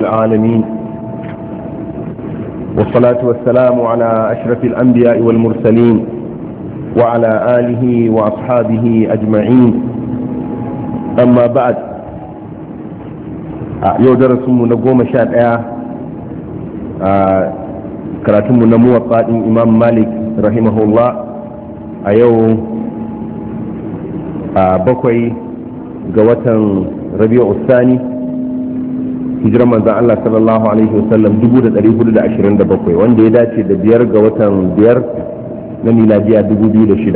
العالمين والصلاة والسلام على أشرف الأنبياء والمرسلين وعلى آله وأصحابه أجمعين أما بعد يودر سمو نقوم شاد كراتم نمو قائم إمام مالك رحمه الله أيو بقوي قوة ربيع الثاني hijirar manzan Allah الله Alaihi wasallam 1427 wanda ya dace da biyar ga watan biyar na miladiya 2006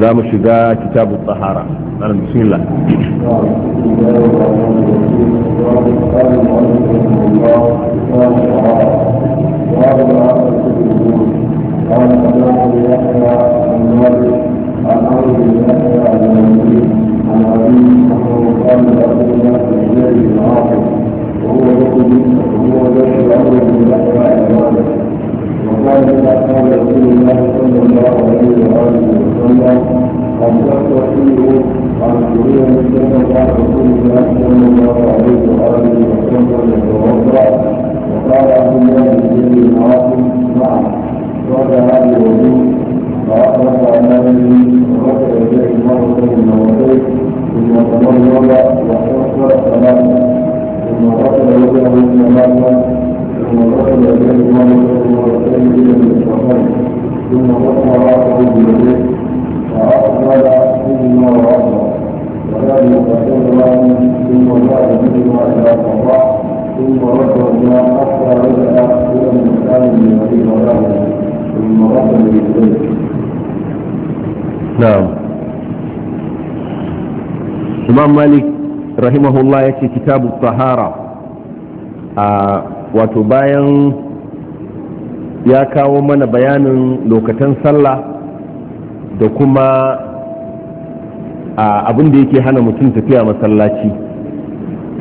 za mu shiga kitabun tsahara ɗanar bismillah الحمد لله رب العالمين، الحمد لله رب العالمين، الحمد لله رب العالمين، الحمد لله رب العالمين، الحمد لله رب العالمين، الحمد لله رب العالمين، الحمد لله رب العالمين، الحمد لله رب العالمين، الحمد لله رب قال الأرض من جاري العاقل وهو يقول وهو ذات الأرض من أسماء الوالد وقال إذا قال رسول الله صلى الله عليه وآله وسلم قد كفر فيه عن سوريا من سنة رسول الله صلى الله عليه وآله وسلم يتوضأ وقال عبد الله بن جاري العاقل نعم بعد هذا الوضوء فأخرج عن أبي ورجع إليه مرة من مرتين ثم تمرر وحفر ثلاثا ثم غسل وجهه ثلاثا ثم غسل يديه ثم غسل الى المرفقين ثم غسل راسه بيديه فاقبل ثم وراءه وكان يغسل راسه ثم جاء بهما الى الصباح ثم ركب بها حتى رجع الى المكان الذي وراءه ثم غسل يديه نعم imam malik rahimahullah ya ce kitabu sahara a wato bayan ya kawo mana bayanin lokacin sallah da kuma abin da yake hana mutum tafiya masallaci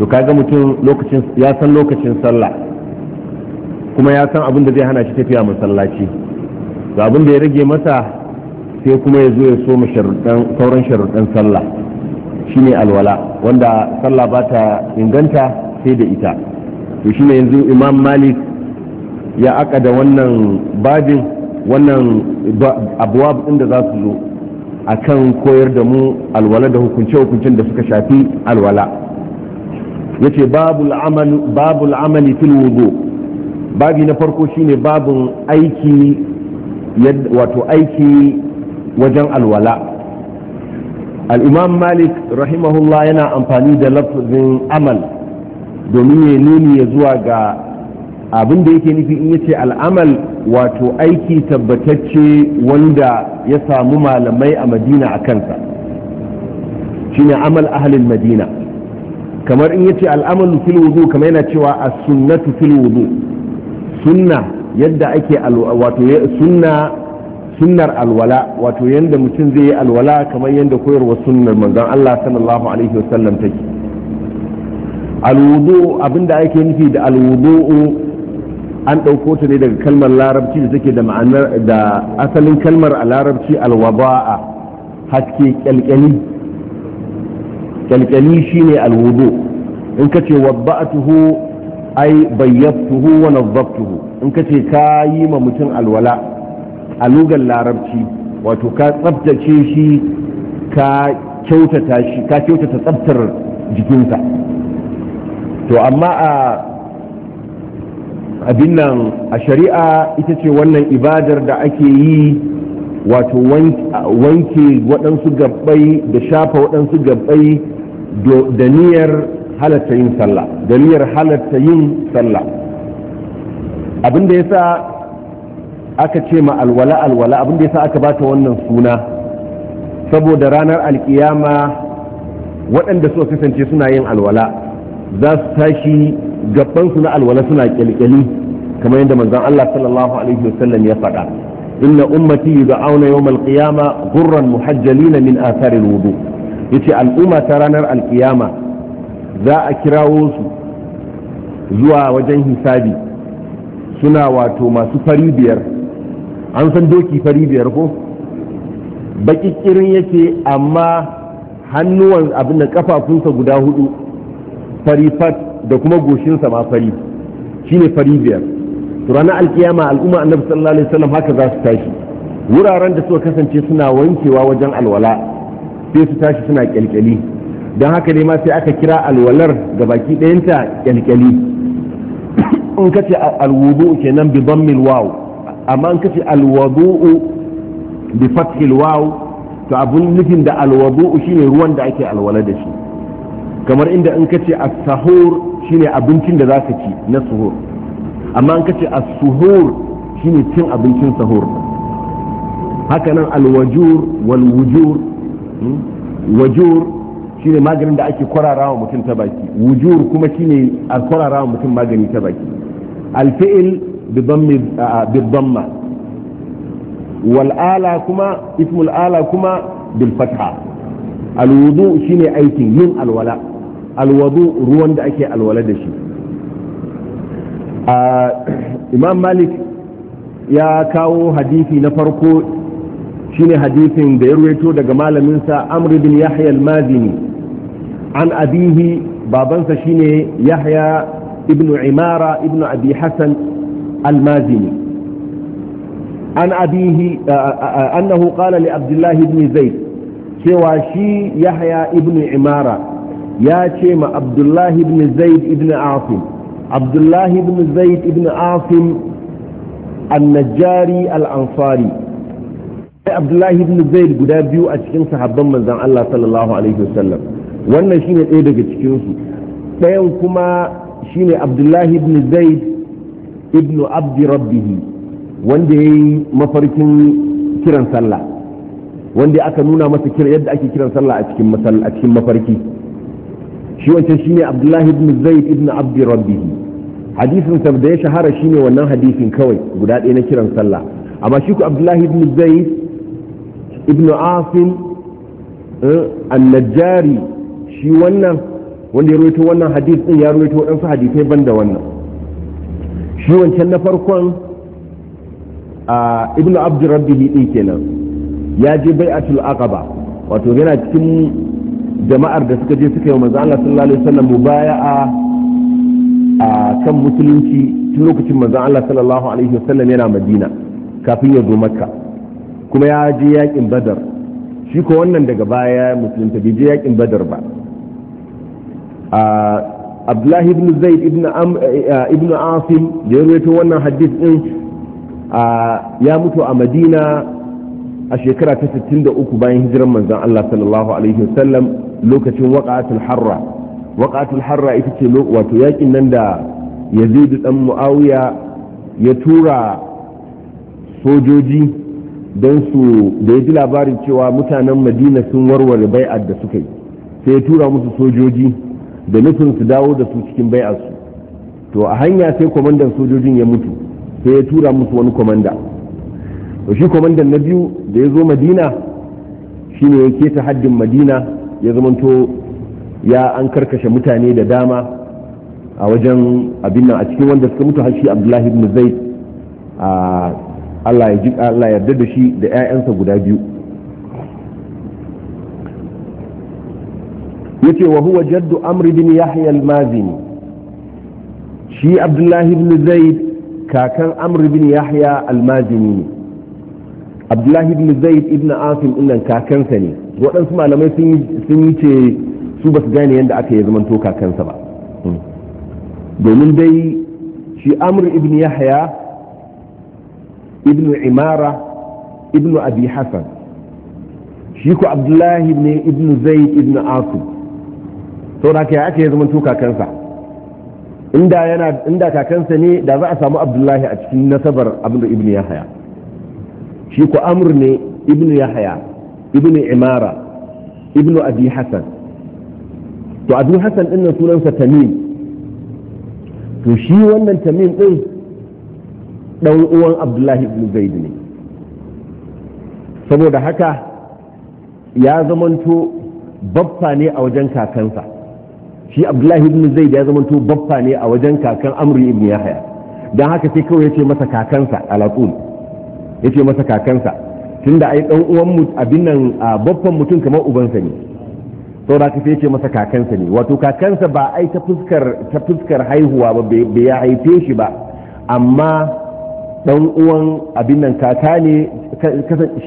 to kaga mutum ya san lokacin sallah kuma ya san abin da zai hana shi tafiya masallaci to abin da ya rage masa sai kuma ya zo ya so sauran sharuɗan sallah shine alwala wanda sallah ba ta inganta sai da ita to shine yanzu imam malik ya aka da wannan babin wannan abuwa inda za su zo a kan koyar da mu alwala da hukunce-hukuncen da suka shafi alwala ya ce babul amali fil wudu babi na farko shine babin aiki wato aiki wajen alwala al'imam malik rahimahullah yana amfani da lafazin amal domin ya nuni ya zuwa ga abin da yake nufi in yace al'amal wato aiki tabbatacce wanda ya samu malamai a madina a kansa shine amal ahalin madina kamar in yace al'amal fil wudu kamar yana cewa a sunnatu fil wudu sunna yadda ake wato sunna sunnar alwala wato yadda mutum zai yi alwala kamar yadda koyarwa sunnar manzon Allah sallallahu alaihi wasallam take alwudu abinda ake nufi da alwudu an ɗauko ta ne daga kalmar larabci da take da ma'anar da asalin kalmar a larabci alwaba'a haske kyalkyali kyalkyali shine alwudu in ka ce wabba'atuhu ai bayyatuhu wa nazzabtuhu in ka ce ka yi ma mutum alwala a lugar larabci wato ka tsabtace shi ka kyautata shi ka kyautata tsabtar jikinsa to amma a abin nan a shari'a ita ce wannan ibadar da ake yi wato wanke waɗansu gabbai da shafa waɗansu gabbai da niyyar halatta yin sallah da yin sallah abin da ya sa aka ce ma alwala alwala abin ya sa aka bata wannan suna saboda ranar alkiyama waɗanda suka kasance suna yin alwala za su tashi gabansu na alwala suna kyalkyali kamar yadda manzon Allah sallallahu alaihi wasallam ya faɗa inna ummati yud'auna yawm al-qiyama ghurran muhajjalina min athari al yace al'umma ta ranar alkiyama za a kirawo su zuwa wajen hisabi suna wato masu fari biyar an san doki fari biyar ko baƙiƙirin yake amma hannuwan abin da kafafunsa guda hudu fari fat da kuma goshinsa ma fari shine fari biyar to ranar alkiyama al'umma annabi sallallahu alaihi wasallam haka za su tashi wuraren da suka kasance suna wankewa wajen alwala sai su tashi suna kyalkyali don haka ne ma sai aka kira alwalar ga baki ɗayanta kyalkyali in kace ce alwudu kenan bi dammil waw amma an kace alwadu'u bi fathil waw to abun nufin da alwadu'u shine ruwan da ake alwala da shi kamar inda in kace as-sahur shine abincin da zaka ci na suhur amma an kace as-suhur shine cin abincin sahur haka nan alwajur wal wujur hmm? wajur shine maganin da ake kwararawa mutum ta baki wujur kuma shine a kwararawa mutum magani ta baki alfi'il bidamma wal'ala kuma ismul ala kuma bilfatha alwudu shine aikin yin alwala alwudu ruwan da ake alwala da shi imam malik ya kawo hadisi na farko shine hadisin da ya ruwaito daga malaminsa amr bin yahya al-mazini an abihi babansa shine yahya ibnu imara ibnu abi hasan المازني عن أبيه أنه قال لعبد الله بن زيد شواشي يحيى ابن عمارة يا شيم عبد الله بن زيد ابن عاصم عبد الله بن زيد ابن عاصم النجاري الأنصاري عبد الله بن زيد guda biyu a cikin sahabban manzon Allah sallallahu alaihi wasallam wannan shine ɗaya daga cikin su ɗayan kuma shine Abdullahi ibn Zaid ibnu abdi rabbihi wanda ya yi mafarkin kiran sallah wanda aka nuna masa yadda ake kiran sallah a cikin mafarki shi wancan shine abdullahi ibn zaid ibn abdi rabbihi hadisin sa da ya shahara shine wannan hadisin kawai guda ɗaya na kiran sallah amma shi ku abdullahi ibn zaid ibn asim eh, an-najjari shi wannan wanda ya rawaito wannan hadis din ban da wannan shi wancan na farkon a ibnu abdurrabbihi din kenan ya je bai bai'atul aqaba wato yana cikin jama'ar da suka je suka yi manzo Allah sallallahu alaihi wasallam mubaya'a a kan musulunci tun lokacin manzo Allah sallallahu alaihi wasallam yana Madina kafin ya zo Makka kuma ya je yakin Badar shi ko wannan daga baya musulunta bai je yakin Badar ba a abdullahi ibn zaid ibn eh, eh, ibn asim da ya rawaito wannan hadith din ya mutu a madina a shekara ta 63 bayan hijiran manzon Allah sallallahu alaihi wasallam lokacin waqatul harra waqatul harra ita ce wato yakin nan da yazid dan muawiya ya tura sojoji don su da ya ji labarin cewa mutanen madina sun warware bai'ar da suka yi sai ya tura musu sojoji da nufin su dawo da su cikin bai'arsu to a hanya sai kwamandan sojojin ya mutu sai ya tura musu wani kwamanda to shi kwamandan na biyu da ya zo madina shi ne ya keta haddin madina ya zamanto ya an karkashe mutane da dama a wajen abin nan a cikin wanda suka mutu har shi abdullahi ibn zaid a allah ya yarda da shi da 'ya'yansa guda biyu yace wa huwa jaddu amr bin yahya al-mazini shi abdullahi ibn zaid kakan amr bin yahya al-mazini ne abdullahi ibn zaid ibn asim innan kakansa ne waɗansu malamai sun yi ce su ba su gane yadda aka yi zamanto kakansa ba hmm. domin dai shi amr ibn yahya ibn imara ibn abi hassan shi ku abdullahi ibn zaid ibn asim saboda haka ya ake ya zama kakansa inda yana inda kakansa ne da za a samu abdullahi a cikin nasabar abinda ibnu yahaya shi ko amr ne ibnu yahaya ibnu imara ibnu abi hasan to abu hasan din nan sunansa tamim to shi wannan tamim din dan uwan abdullahi ibn zaid ne saboda haka ya zamanto babba ne a wajen kakansa shi abdullahi ibn zaid ya zamanto baffa ne a wajen kakan amri ibn yahya dan haka sai kawai yace masa kakansa alaqul yace masa kakansa tunda ai dan uwan mu abin nan baffan mutum kamar ubansa ne to da sai yace masa kakansa ne wato kakansa ba ai ta fuskar ta fuskar haihuwa ba bai ya haife shi ba amma dan uwan abin nan kaka ne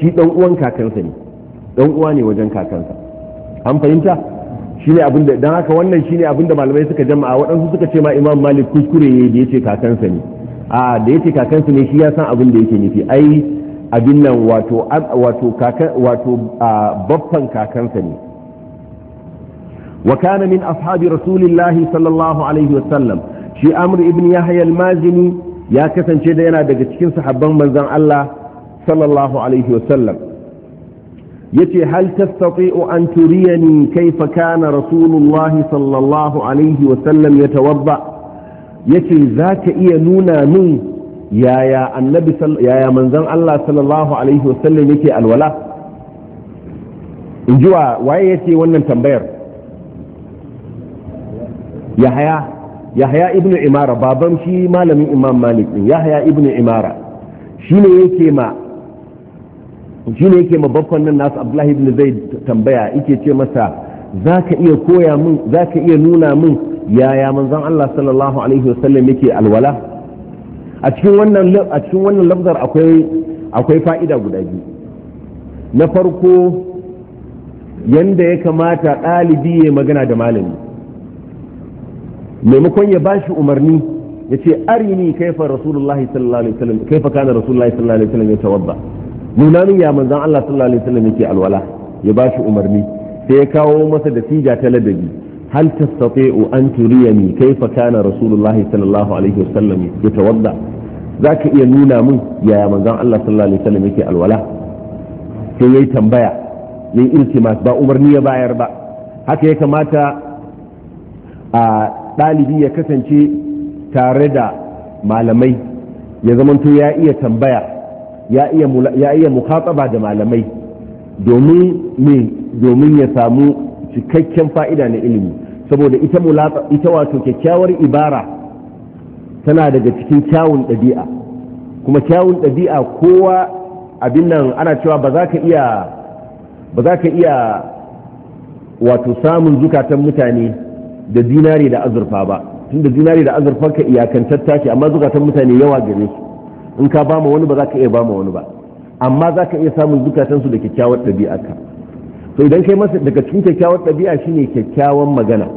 shi dan uwan kakansa ne dan uwa ne wajen kakansa an fahimta shine abin da dan haka wannan shine abin da malamai suka jama'a waɗansu suka ce ma imam malik kuskure ne da yace kakansa ne a da yace kakansa ne shi ya san abin da yake nufi ai abin nan wato wato kakan wato babban kakansa ne wa kana min ashabi rasulillahi sallallahu alaihi wa sallam shi amr ibn yahya al-mazini ya kasance da yana daga cikin sahabban manzon Allah sallallahu alaihi wa sallam yace hal tastati'u an turiyani kaifa kana rasulullah sallallahu alaihi wa sallam yatawadda yace zaka iya nuna min yaya annabi yaya manzon Allah sallallahu alaihi wa sallam yake alwala in waye yace wannan tambayar yahya yahya Ibn imara baban shi malamin imam malik din yahya ibnu imara shine yake ma shi ne yake mabakon nan nasu abdullahi ibn zai tambaya yake ce masa za ka iya koya min za ka iya nuna min yaya manzon Allah sallallahu alaihi wasallam yake alwala a cikin wannan a cikin wannan lafzar akwai akwai fa'ida guda biyu na farko yanda ya kamata ɗalibi ya magana da malami maimakon ya bashi umarni ya ce arini kaifa rasulullahi sallallahu alaihi wasallam kaifa kana rasulullahi sallallahu alaihi wasallam ya tawabba nuna min ya manzan Allah sallallahu alaihi wasallam yake alwala ya ba shi umarni sai ya kawo masa da sija ta ladabi hal tastati'u an turiyani kaifa kana rasulullahi sallallahu alaihi wasallam yatawadda zaka iya nuna min ya manzan Allah sallallahu alaihi wasallam yake alwala sai yayi tambaya yayi iltimas ba umarni ya bayar ba haka ya kamata a ɗalibi ya kasance tare da malamai ya zamanto ya iya tambaya ya iya ya da malamai domin ne domin ya samu cikakken fa'ida na ilimi saboda ita wato kyakkyawar ibara tana daga cikin kyawun ɗabi'a kuma kyawun ɗabi'a kowa abin nan ana cewa ba za ka iya ba za ka iya wato samun zukatan mutane da dinari da azurfa ba tunda dinari da azurfa ka iyakantar tashi amma zukatan mutane yawa gare su in ka ba ma wani ba za ka iya ba ma wani ba amma za ka iya samun zukatansu da kyakkyawar ɗabi'a ka. to idan kai masa daga cikin kyakkyawar ɗabi'a shi ne kyakkyawan magana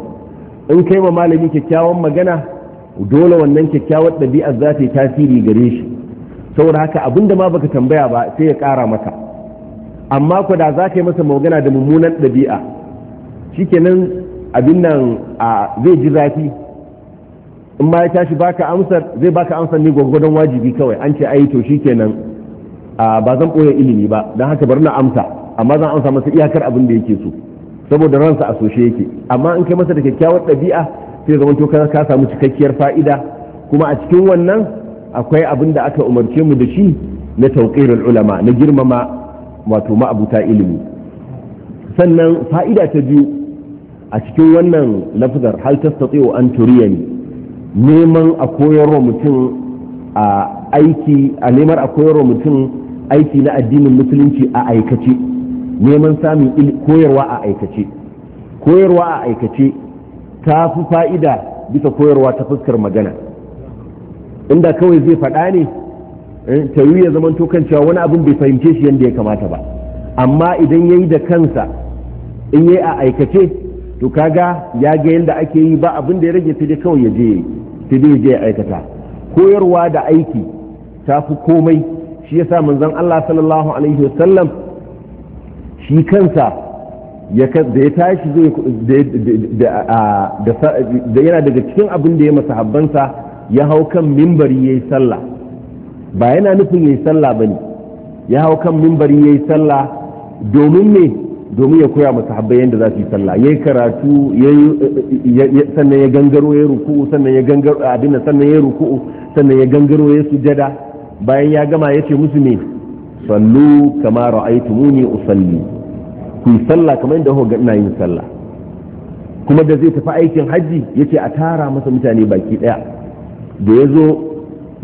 in kai ma malami kyakkyawan magana dole wannan kyakkyawar ɗabi'a za ta yi tasiri gare shi saboda haka abin da ma baka tambaya ba sai ya ƙara maka amma ko da za ka yi masa magana da mummunan ɗabi'a shikenan abin nan zai ji zafi in ma ya tashi baka amsar zai baka amsar ne gwagwadon wajibi kawai an ce ai to kenan ba zan boye ilimi ba dan haka bari na amsa amma zan amsa masa iyakar abin da yake so saboda ransa a soshe yake amma in kai masa da kyakkyawar ɗabi'a sai zama to ka samu cikakkiyar fa'ida kuma a cikin wannan akwai abin da aka umarce mu da shi na tauqirul ulama na girmama wato ma'abuta ilimi sannan fa'ida ta biyu a cikin wannan lafzar hal tastati'u an turiyani neman a koyarwa mutum a aiki a neman a koyarwa mutum aiki na addinin musulunci a aikace neman samun koyarwa a aikace koyarwa a aikace ta fi fa'ida bisa koyarwa ta fuskar magana inda kawai zai faɗa ne eh, ta ya zaman tokan cewa wani abin bai fahimce shi yadda ya kamata ba amma idan ya yi da kansa in yi a aikace to kaga ya ga yadda ake yi ba abin da ya rage sai dai kawai ya je yi sai dai je aikata koyarwa da aiki ta fi komai shi yasa manzon Allah sallallahu alaihi wasallam shi kansa ya da ya tashi zai da yana daga cikin abin da ya masahabbansa ya hau kan mimbari yayi sallah ba yana nufin yayi sallah bane ya hau kan mimbari yayi sallah domin ne domin ya koya masa habbai yadda za su yi sallah yi karatu sannan ya gangaro ya ruku'u sannan ya gangaro abin sannan ya ruku'u sannan ya gangaro ya sujada bayan ya gama ya ce musu ne sallu kama ra'aytumuni usalli ku yi sallah kamar yadda kuka ina yin sallah kuma da zai tafi aikin hajji yace a tara masa mutane baki daya da yazo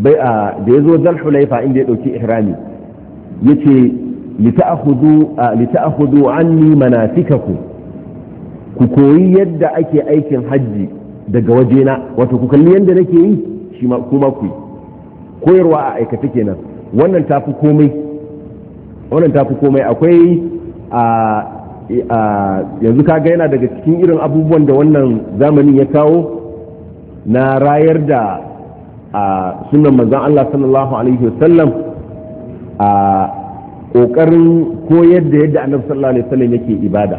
bai da yazo inda ya dauki ihrami yace lita'khudu anni manasikakum ku koyi yadda ake aikin hajji daga waje na wato ku kalli yadda nake yi shi ma kuma ku koyarwa a aikata kenan wannan tafi komai wannan tafi komai akwai a yanzu kaga yana daga cikin irin abubuwan da wannan zamanin ya kawo na rayar da sunan manzon Allah sallallahu alaihi wasallam a kokarin koyar da yadda annabi sallallahu alaihi wasallam yake ibada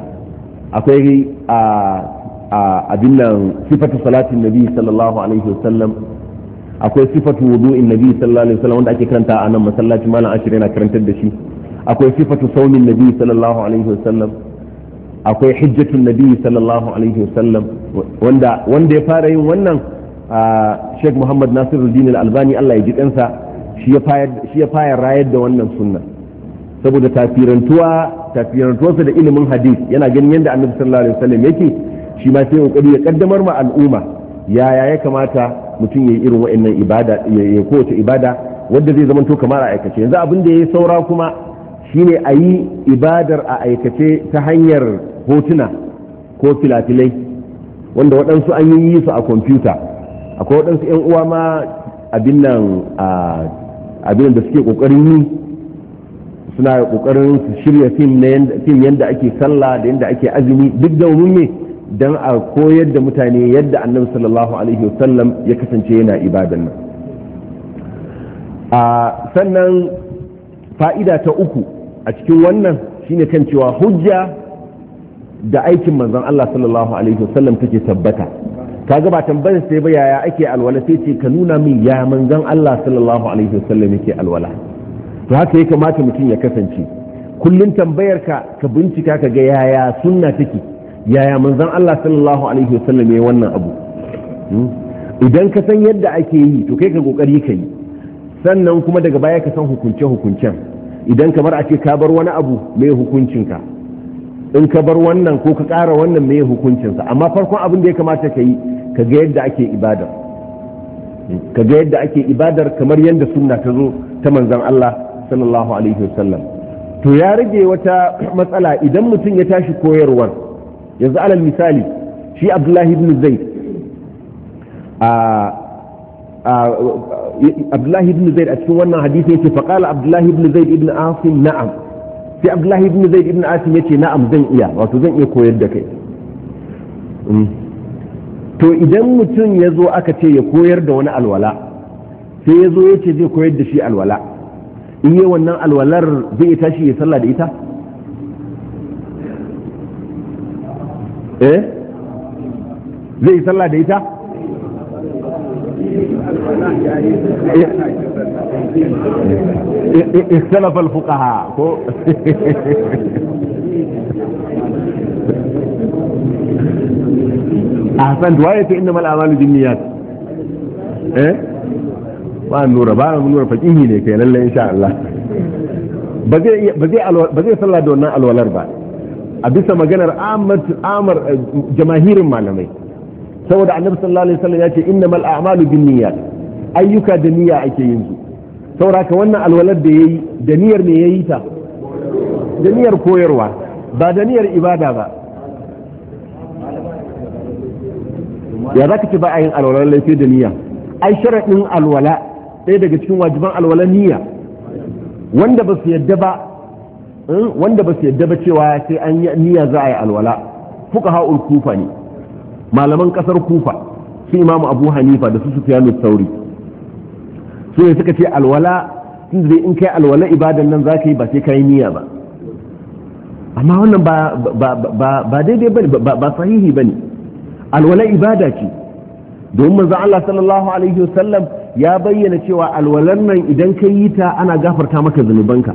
akwai a abin nan sifatu salatin nabi sallallahu alaihi wasallam akwai sifatu wudu'in nabi sallallahu alaihi wasallam wanda ake karanta a nan masallaci malam ashirin a karantar da shi akwai sifatu saumin nabi sallallahu alaihi wasallam akwai hijjatun nabi sallallahu alaihi wasallam wanda wanda ya fara yin wannan Sheikh Muhammad Nasiruddin Al-Albani Allah ya ji kansa shi ya fayar rayar da wannan sunnah saboda tafirantuwa tafirantuwarsa da ilimin hadith yana ganin yadda annabi sallallahu alaihi wasallam yake shi ma sai kokari ya kaddamar ma al'umma yaya ya kamata mutum ya yi irin wa'annan ibada ya kowace ibada wadda zai zama to kamar a aikace yanzu abin da ya saura kuma shine a yi ibadar a aikace ta hanyar hotuna ko filafilai wanda waɗansu an yi su a kwamfuta akwai waɗansu 'yan uwa ma abin nan da suke ƙoƙarin yi suna kokarin su shirya fim yadda ake sallah da yadda ake azumi duk da ne don a koyar da mutane yadda annabi sallallahu alaihi wasallam ya kasance yana ibadan nan a sannan fa'ida ta uku a cikin wannan shine kan cewa hujja da aikin manzon Allah sallallahu alaihi wasallam take tabbata ta ba tambayar sai ba yaya ake alwala sai ce ka nuna min ya manzon Allah sallallahu alaihi wasallam yake alwala to haka ya kamata mutum ya kasance kullum tambayar ka ka bincika ka ga yaya sunna take yaya manzon Allah sallallahu alaihi wasallam ya wannan abu hmm? idan ka san yadda ake yi to kai ka kokari ka yi sannan kuma daga baya ka san hukunce hukuncen idan kamar a ce ka bar wani abu mai hukuncinka in ka bar wannan ko ka ƙara wannan mai hukuncinsa amma farkon abin da ya kamata ka yi ka ga yadda ake ibada, hmm? ka ga yadda ake ibadar kamar yadda sunna ta zo ta manzon Allah sallallahu alaihi wasallam to ya rage wata matsala idan mutum ya tashi koyarwar yanzu alal misali shi abdullahi ibn zaid a abdullahi ibn zaid a cikin wannan hadisi yace fa qala abdullahi ibn zaid ibn asim na'am sai abdullahi ibn zaid ibn asim yace na'am zan iya wato zan iya koyar da kai mm. to idan mutum ya zo aka ce ya koyar da wani alwala sai ya zo ya ce zai koyar da shi alwala in yi wannan alwalar zai tashi ya sallah da ita eh zai yi sallah da ita eh, eh, ikhtalaf al-fuqaha ko ahsan duwaye ta inda mal'amalu jinniyat eh ba nura ba lura faƙihi ne kai lallai insha Allah ba zai ba sallah da wannan alwalar ba a bisa maganar amar eh, jamahirin malamai saboda annabi sallallahu alaihi wasallam ya ce innamal a'malu binniyat ayyuka da niyya ake yin su saboda ka wannan alwalar da yayi da niyyar me yayi ta da niyyar koyarwa ba da niyyar ibada ba ya zaka ce ba a yin alwalar laifi da niyya ai sharaɗin alwala ɗaya daga cikin wajiban alwalan niyya wanda ba su yadda ba hmm, wanda ba su yadda ba cewa sai an yi niyya za a yi alwala fuka ha'ul kufa ne malaman kasar kufa su imamu abu hanifa da su su sufiyanu sauri su ne suka ce alwala sun da in kai alwala ibadan nan za ka yi ba sai ka yi niyya ba amma wannan ba daidai ba ne ba sahihi ba ne alwala ibada ce domin manzo Allah sallallahu alaihi wasallam ya bayyana cewa alwalan nan idan ka yi ta ana gafarta maka zunubanka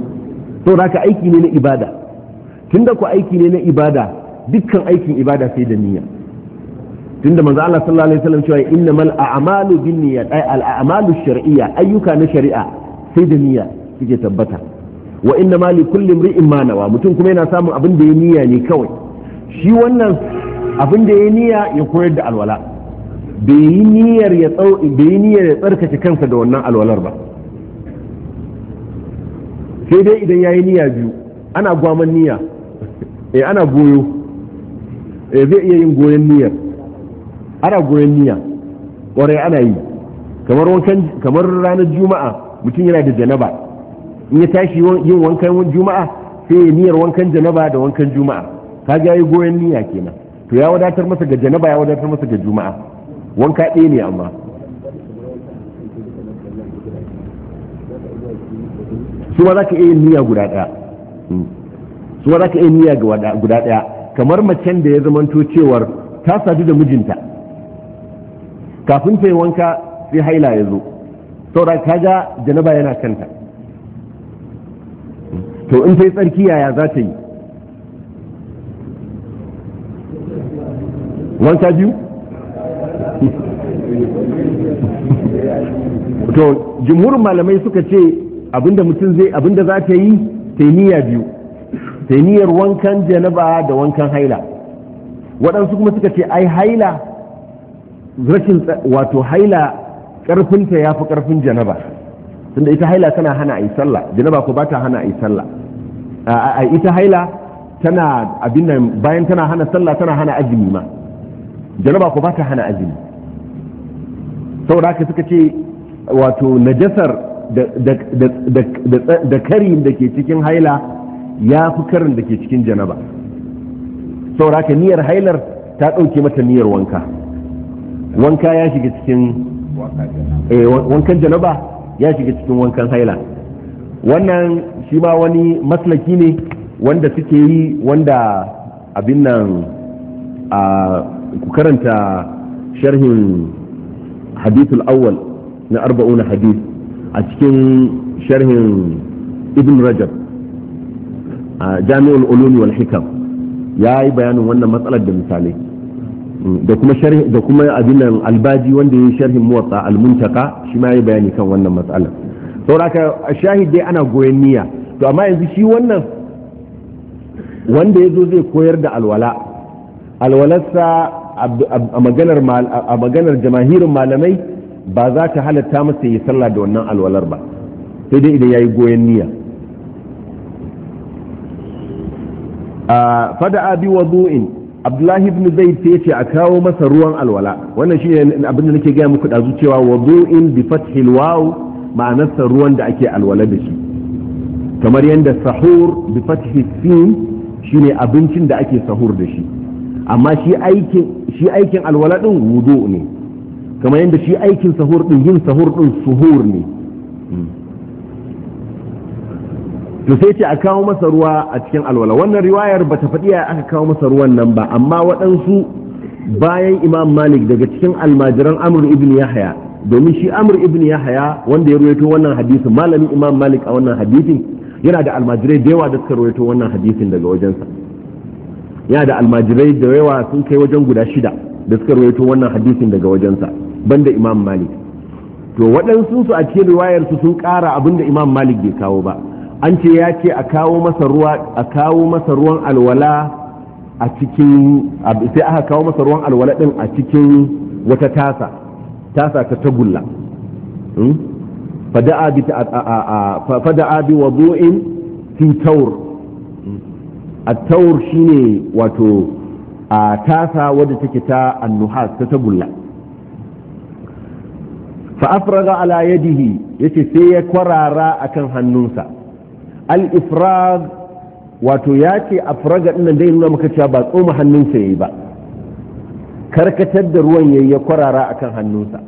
to da aiki ne na ibada tunda ku aiki ne na ibada dukkan aikin ibada sai da niyya tunda manzo Allah sallallahu alaihi wasallam cewa innamal a'malu binniyat ay al a'malu shar'iyya ayyuka na shari'a sai da niyya kike tabbata wa innama li kulli imri'in ma nawa mutum kuma yana samun abin da ya niyya ne kawai shi wannan abin da ya niyya ya koyar da alwala bai yi niyyar ya tsarkace kansa da wannan alwalar ba sai dai idan ya yi niyya biyu ana gwaman niyya eh ana goyo e zai iya yin goyon niyyar ana goyon niyya ƙwarai ana yi kamar wankan kamar ranar juma'a mutum yana da janaba in ya tashi yin wankan juma'a sai ya niyyar wankan janaba da wankan juma'a kaga yi goyon niyya kenan to ya wadatar masa ga janaba ya wadatar masa ga juma'a wanka ɗaya ne amma su ma za ka iya niyya guda ɗaya hmm. su ba za ka iya niyya guda ɗaya kamar macen da ya zamanto cewar ta sadu da mijinta kafin ta yi wanka sai haila ya zo saura ka ga janaba yana kanta hmm. to in ta yi tsarki yaya za ta yi wanka biyu to jumhurin malamai suka ce abinda mutum zai abinda za ta yi ta niyya biyu ta niyyar wankan janaba da wankan haila waɗansu kuma suka ce ai haila rashin wato haila ƙarfinta ya fi ƙarfin janaba tunda ita haila tana hana a yi sallah janaba ko ba ta hana a yi sallah a ita haila tana abin nan bayan tana hana sallah tana hana azumi ma janaba ko ba ta hana azumi saboda haka suka ce wato najasar da karin da ke cikin haila ya fi karin da ke cikin janaba saboda haka niyyar hailar ta ɗauke mata niyyar wanka wanka ya shiga cikin eh, wankan janaba ya shiga cikin wankan haila wannan shi ma wani maslaki ne wanda suke yi wanda abin nan a ku karanta sharhin hadithul awwal na arba'una hadith a cikin sharhin ibn rajab a jami'ul ulumi wal hikam ya yi bayanin wannan matsalar da misalai mm, da kuma da kuma abin albaji wanda ya yi sharhin muwatta almuntaka shi ma ya yi bayani kan wannan matsalar sauraka shahid dai ana goyon niyya to amma yanzu shi wannan wanda ya zo zai koyar da alwala alwalarsa a maganar jamahirin malamai ba za ta halatta masa yi sallah da wannan alwalar ba sai dai idan ya yi goyon niyya fada abi wa zai abdullahi ibn zaid sai yace a kawo masa ruwan alwala wannan shi ne abin da nake gaya muku ɗazu cewa wadu'in bi fathil waw ma'anarsa ruwan da ake alwala da shi kamar yadda sahur bi fathil sin shine abincin da ake sahur da shi amma shi aikin shi alwala din wudu ne kamar yadda shi aikin sahur din yin sahur din suhur ne to sai ce a kawo masa ruwa a cikin alwala wannan riwayar bata faɗi ya aka kawo masa ruwan nan ba amma waɗansu bayan imam malik daga cikin almajiran amr ibn yahya domin shi amr ibn yahya wanda ya ruwaito wannan hadisin malamin imam malik a wannan hadisin yana da almajirai da yawa da suka ruwaito wannan hadisin daga wajensa ya da almajirai da yawa sun kai wajen guda shida da suka rawaito wannan hadisin daga wajensa banda imam malik to waɗansu su a cikin riwayar su sun ƙara abin da imam malik bai kawo ba an ce ya ce a kawo masa ruwa a kawo masa ruwan alwala a cikin sai aka kawo masa ruwan alwala din a cikin wata tasa tasa ta tagulla hmm? fada'a bi wadu'in fi taur shi shine wato a tasa wadda take ta annuhas ta tagulla fa afraga ala yadihi yace sai ya kwarara akan hannunsa al ifrag wato ya ce afraga dinnan dai nuna maka cewa ba tsoma hannunsa yayi ba karkatar da ruwan yayi ya kwarara akan hannunsa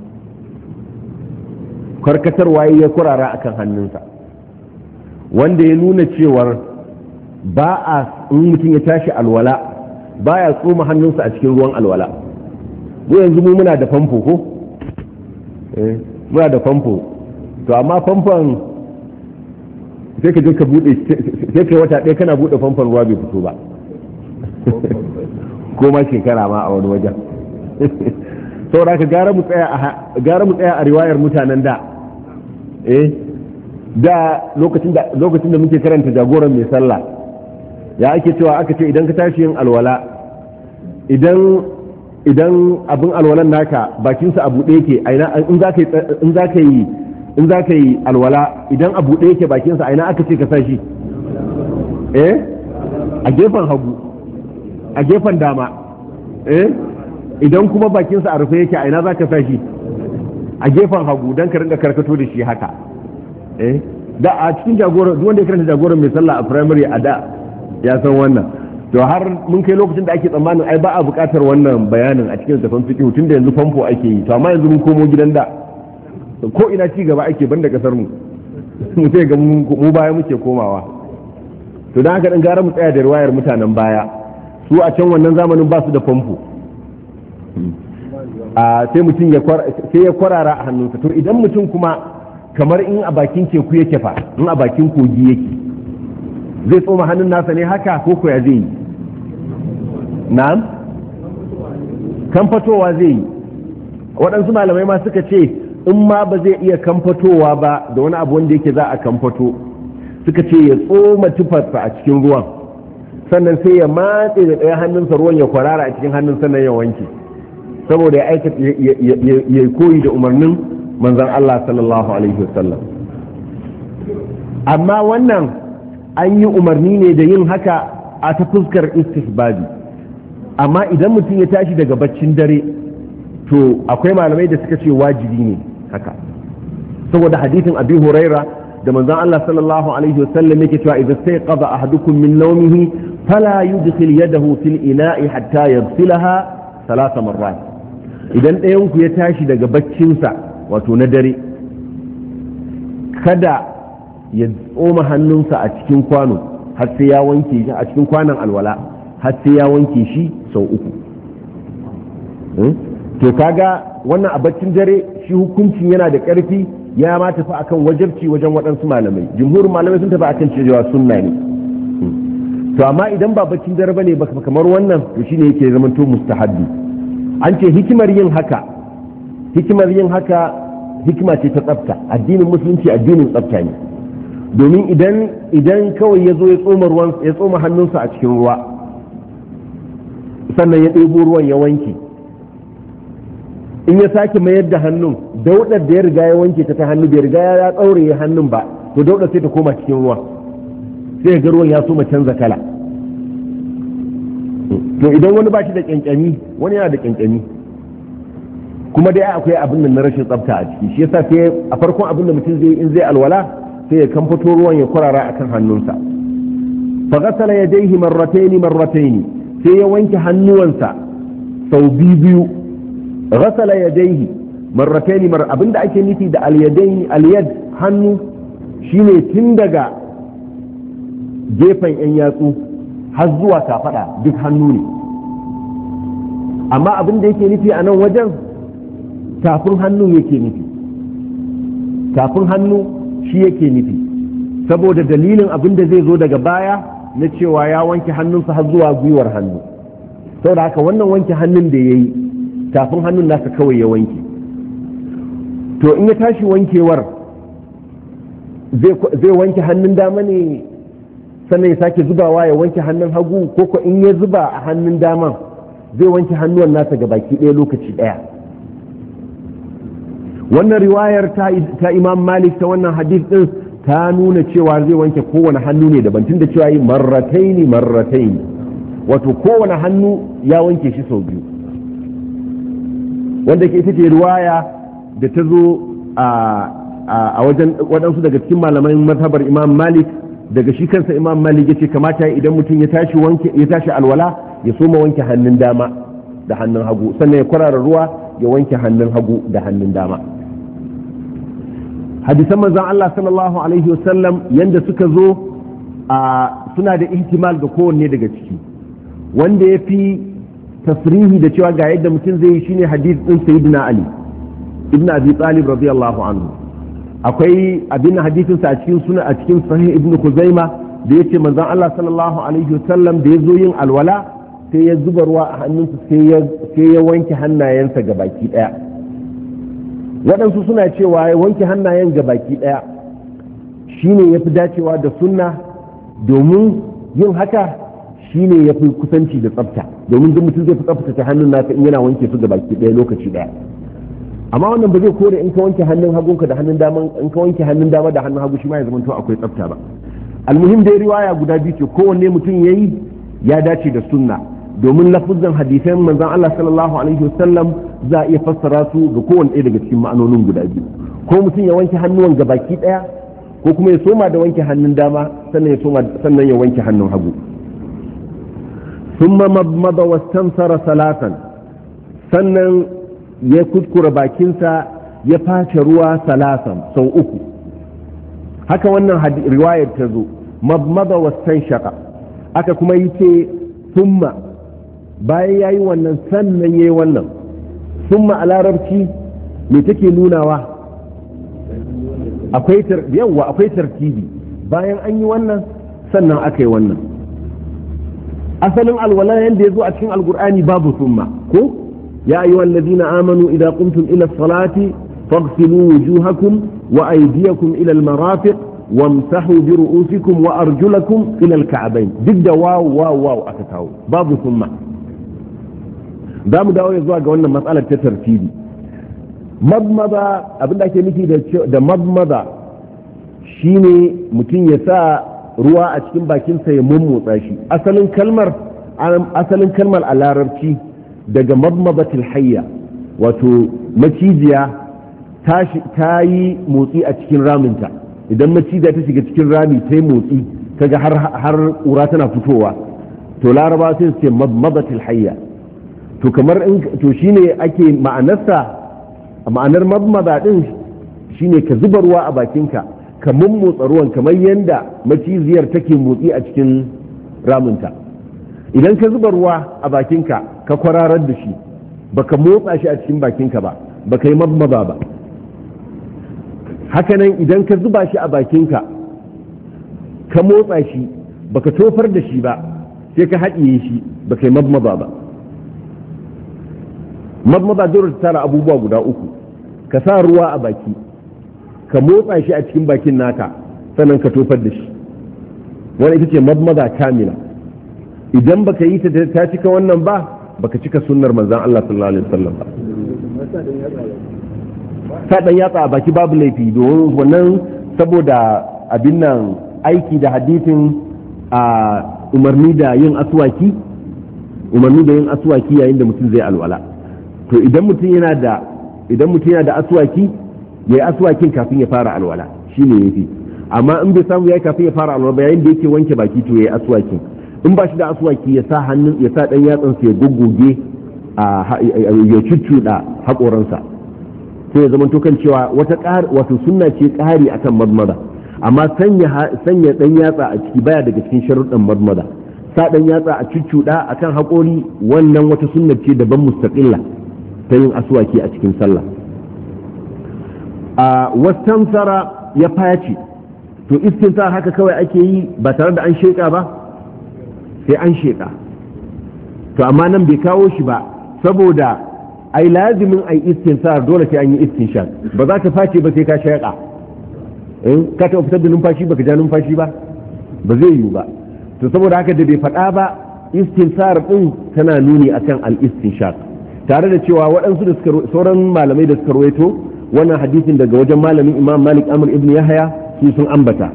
karkatar waye ya kwarara akan hannunsa wanda ya nuna cewar ba a in mutum ya tashi alwala ba ya tsoma hannunsa a cikin ruwan alwala mu yanzu mu muna da famfo ko eh, muna da famfo to amma famfon sai ka je ka bude sai ka wata ɗaya kana bude famfon ruwa bai fito ba ko ma shekara ma a wani wajen saboda ka gara mu tsaya a riwayar mutanen da eh da lokacin da muke karanta jagoran mai sallah ya ake cewa aka ce idan ka tashi yin alwala idan idan abin alwalan naka bakinsa a buɗe yake in za ka yi in za ka yi alwala idan a buɗe yake bakinsa aina aka ce ka sashi eh a gefen hagu a gefen dama eh idan kuma bakinsa a rufe yake aina za ka sashi a gefen hagu don ka ringa karkato da shi haka eh da a cikin jagoran wanda ya karanta jagoran mai sallah a primary a da ya san wannan to har mun kai lokacin da ake tsammanin ai ba a buƙatar wannan bayanin a cikin safan fiqh tun da yanzu famfo ake yi to amma yanzu mun komo gidan da ko ina ci gaba ake banda kasar mu mu sai ga mu baya muke komawa to dan haka dan gara mu tsaya da riwayar mutanen baya su a can wannan zamanin ba su da famfo a sai mutum ya sai ya kwarara a hannunsa to idan mutum kuma kamar in a bakin teku yake fa in a bakin kogi yake zai tsoma hannun nasa ne haka ko kuwa ya zai yi na'am kamfatowa zai yi waɗansu malamai ma suka ce in ma ba zai iya kamfatowa ba da wani abu wanda yake za a kamfato suka ce ya tsoma tufarsa a cikin ruwan sannan sai ya matse da ɗaya hannunsa ruwan ya kwarara a cikin hannun sannan ya wanke saboda ya aikata ya koyi da umarnin manzan Allah sallallahu alaihi wasallam amma wannan an yi umarni ne da yin haka a ta fuskar istihbabi amma idan mutum ya tashi daga baccin dare to akwai malamai da suka ce wajibi ne haka saboda hadithin abi huraira da manzon Allah sallallahu alaihi wasallam yake cewa idza stayqadha ahadukum min nawmihi fala yudkhil yadahu fil ina'i hatta yaghsilaha thalatha marrat idan ɗayan ku ya tashi daga baccinsa wato na dare kada ya tsoma hannunsa a cikin kwano har sai ya wanke shi a cikin kwanon alwala har sai ya wanke shi sau uku eh? to kaga wannan a baccin dare shi hukuncin yana da ƙarfi ya ma tafi akan wajabci wajen waɗansu malamai jumhurin malamai sun tafi akan cewa sunna ne hmm. to amma idan ba baccin dare bane ba kamar wannan to shine yake zamanto mustahabbi an ce hikimar yin haka hikimar yin haka hikima ce ta tsafta addinin musulunci addinin tsafta ne domin idan kawai ya zo ya tsoma ruwan hannunsa a cikin ruwa sannan ya ɗebo ruwan ya wanke in ya sake mayar da hannun daudar da ya riga ya wanke ta ta hannu bai riga ya tsaure hannun ba to daudar sai ta koma cikin ruwa, sai ga ruwan ya soma canza kala to idan wani ba shi da kyankyami wani yana da kyankyami kuma dai akwai abin da na rashin tsafta a ciki shi yasa sai a farkon abin da mutum zai in zai alwala sai ya kan fito ruwan ya kurara kan hannunsa fa ghasala yadayhi marrataini marrataini sai ya wanke hannuwansa sau biyu biyu ghasala yadayhi marrataini mar abinda ake nufi da alyadain alyad hannu shine tun daga gefen yan yatsu har zuwa kafada duk hannu ne amma abinda da yake nufi a nan wajen tafin hannu yake nufi tafin hannu shi yake nufi saboda dalilin abin da zai zo daga baya na cewa ya wanke hannunsa har zuwa gwiwar hannu saboda haka wannan wanke hannun da ya yi tafin hannun nasa kawai ya wanke to in ya tashi wankewar zai wanke hannun dama ne sannan ya sake zubawa ya wanke hannun hagu ko in ya zuba a hannun dama zai wanke hannuwan nasa ga baki ɗaya lokaci ɗaya wannan riwayar ta imam malik ta wannan hadith ɗin ta nuna cewa zai wanke kowane hannu ne daban tun da cewa yi marratai ne wato kowane hannu ya wanke shi sau biyu wanda ke ita ce riwaya da ta zo a wajen waɗansu daga cikin malaman mazhabar imam malik daga shi kansa imam malik ya ce kamata idan mutum ya tashi ya tashi alwala ya soma wanke hannun dama da hannun hagu sannan ya kwarara ruwa ya wanke hannun hagu da hannun dama hadisan manzon Allah sallallahu alaihi wasallam yanda suka zo a suna da ihtimal ga kowanne daga ciki wanda ya fi tasrihi da cewa ga yadda mutum zai yi shine Hadis din sayyidina ali ibn abi talib radiyallahu anhu akwai abin hadisinsa sa a cikin suna a cikin sahih ibn kuzaima da yace manzon Allah sallallahu alaihi wasallam da ya zo yin alwala sai ya zuba ruwa a hannunsa sai ya wanke hannayensa ga baki ɗaya waɗansu suna cewa ya wanke hannayen ga baki ɗaya shine ya dacewa da sunna domin yin haka shine ya kusanci da tsafta domin duk mutum zai fi tsaftace hannun nasa in yana wanke su ga baki ɗaya lokaci ɗaya amma wannan ba zai kore in ka wanke hannun hagunka da hannun dama in ka wanke hannun dama da hannun hagu shi ma ya zama to akwai tsafta ba almuhim dai riwaya guda biyu ce kowanne mutum yayi ya dace da sunna domin lafuzan hadisan manzan Allah sallallahu alaihi wasallam za a iya fassara su ga kowane ɗaya daga cikin ma'anonin guda biyu ko mutum ya wanke hannuwan ga baki ɗaya ko kuma ya soma da wanke hannun dama sannan ya soma sannan ya wanke hannun hagu thumma mabmada wastansara salatan sannan ya kuskura bakinsa ya face ruwa salasan sau uku haka wannan riwayar ta zo mabmada wastanshaqa aka kuma yi ce thumma bayan ya yi wannan sannan ya yi wannan sun a me take nunawa akwai yawwa akwai tartibi bayan an yi wannan sannan aka yi wannan asalin alwala yadda ya zo a cikin alkur'ani babu summa ko ya ayi wallazina amanu idan qumtum ila salati faghsilu wujuhakum wa aydiyakum ila almarafiq wamsahu bi ru'usikum wa arjulakum ila alka'bayn duk da waw waw aka kawo babu summa za mu dawo zuwa ga wannan matsalar ta tartibi madmada abinda ake nufi da madmada shine mutum ya sa ruwa a cikin bakinsa ya mummutsa shi asalin kalmar asalin kalmar a larabci daga madmadatil hayya wato macijiya ta yi motsi a cikin raminta idan macijiya ta shiga cikin rami ta yi motsi kaga har ƙura tana fitowa to laraba sai su ce madmadatil hayya to kamar in to shine ake ma'anarsa ma'anar mabmada din shine ka zuba ruwa a bakinka ka mummotsa ruwan kamar yanda maciziyar take motsi a cikin ramunta idan ka zuba ruwa a bakinka ka kwararar da shi baka motsa shi a cikin bakinka ba baka yi mabmada ba hakanan idan ka zuba shi a bakinka ka motsa shi baka tofar da shi ba sai ka haɗiye shi baka yi madmada ba madmada dole ta tara abubuwa guda uku ka sa ruwa a baki ka motsa shi a cikin bakin naka sannan ka tofar da shi wani ita ce madmada kamila idan baka yi ta ta cika wannan ba baka cika sunnar manzan Allah sallallahu alaihi wasallam ba sa dan yatsa a baki babu laifi domin wannan saboda abin nan aiki da hadisin a umarni da yin aswaki umarni da yin aswaki yayin da mutum zai alwala to idan mutum yana da idan mutum yana da aswaki yayi aswakin kafin ya fara alwala shine yafi amma in bai samu yayi kafin ya fara alwala bayan da yake wanke baki to yayi aswakin in ba shi da aswaki ya sa hannun ya sa dan yatsan sa ya goggoge a ya cuccuda hakoransa sai ya zama kan cewa wata wato sunna ce ƙari akan madmada amma sanya sanya dan yatsa a ciki baya daga cikin sharuɗan madmada sa dan yatsa a cuccuda akan hakori wannan wata sunna ce daban mustaqilla ta yin asuwaki a cikin sallah a tsara ya faci to istinsa haka kawai ake yi ba tare da an sheka ba sai an sheka to amma nan bai kawo shi ba saboda ai lazimin ai tsara dole sai an yi istinshaq ba za ka face ba sai ka sheka in ka ta fitar da numfashi ba ka ja numfashi ba ba zai yiwu ba to saboda haka da bai faɗa ba istinsar din tana nuni akan al-istinshaq tare da cewa waɗansu da sauran malamai da suka ruwaito wannan hadisin daga wajen malamin imam malik amur ibn yahaya su sun ambata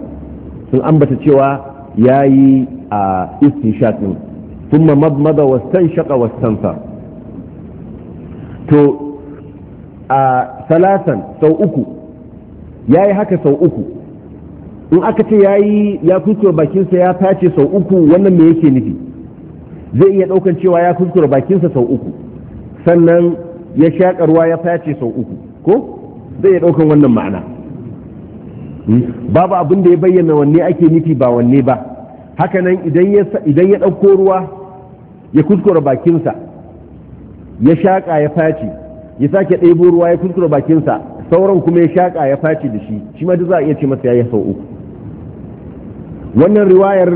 sun ambata cewa ya yi a istinshaq din thumma shaƙa wastanshaqa sa to a salasan sau uku ya yi haka sau uku in aka ce yi ya kuskura bakinsa ya face sau uku wannan me yake nufi zai iya ɗaukar cewa ya kuskura bakinsa sau uku sannan ya shaƙa ruwa ya face sau uku ko zai ya ɗaukan wannan ma'ana hmm? babu abin da ya bayyana wanne ake nufi ba wanne ba hakanan idan ya ɗauko ruwa ya kuskura bakinsa ya shaƙa ya face ya sake ɗebo ruwa ya kuskura bakinsa sauran kuma ya shaƙa ya face da shi shi ma za a iya ce masa ya yi sau uku wannan riwayar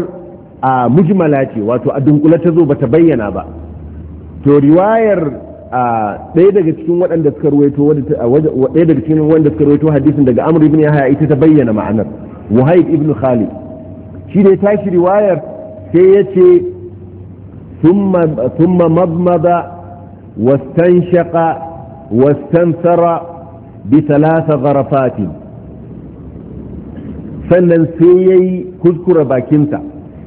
a mujmala ce wato a dunkula ta zo bata bayyana ba to riwayar a ɗaya daga cikin waɗanda suka ruwaito ɗaya daga cikin suka ruwaito hadisin daga amr ibn yahya ita ta bayyana ma'anar wahayb ibn khalid shi ne tashi riwayar sai ya ce thumma madmada wastanshaqa wastansara bi thalatha gharafatin sannan sai yayi kuskura bakinsa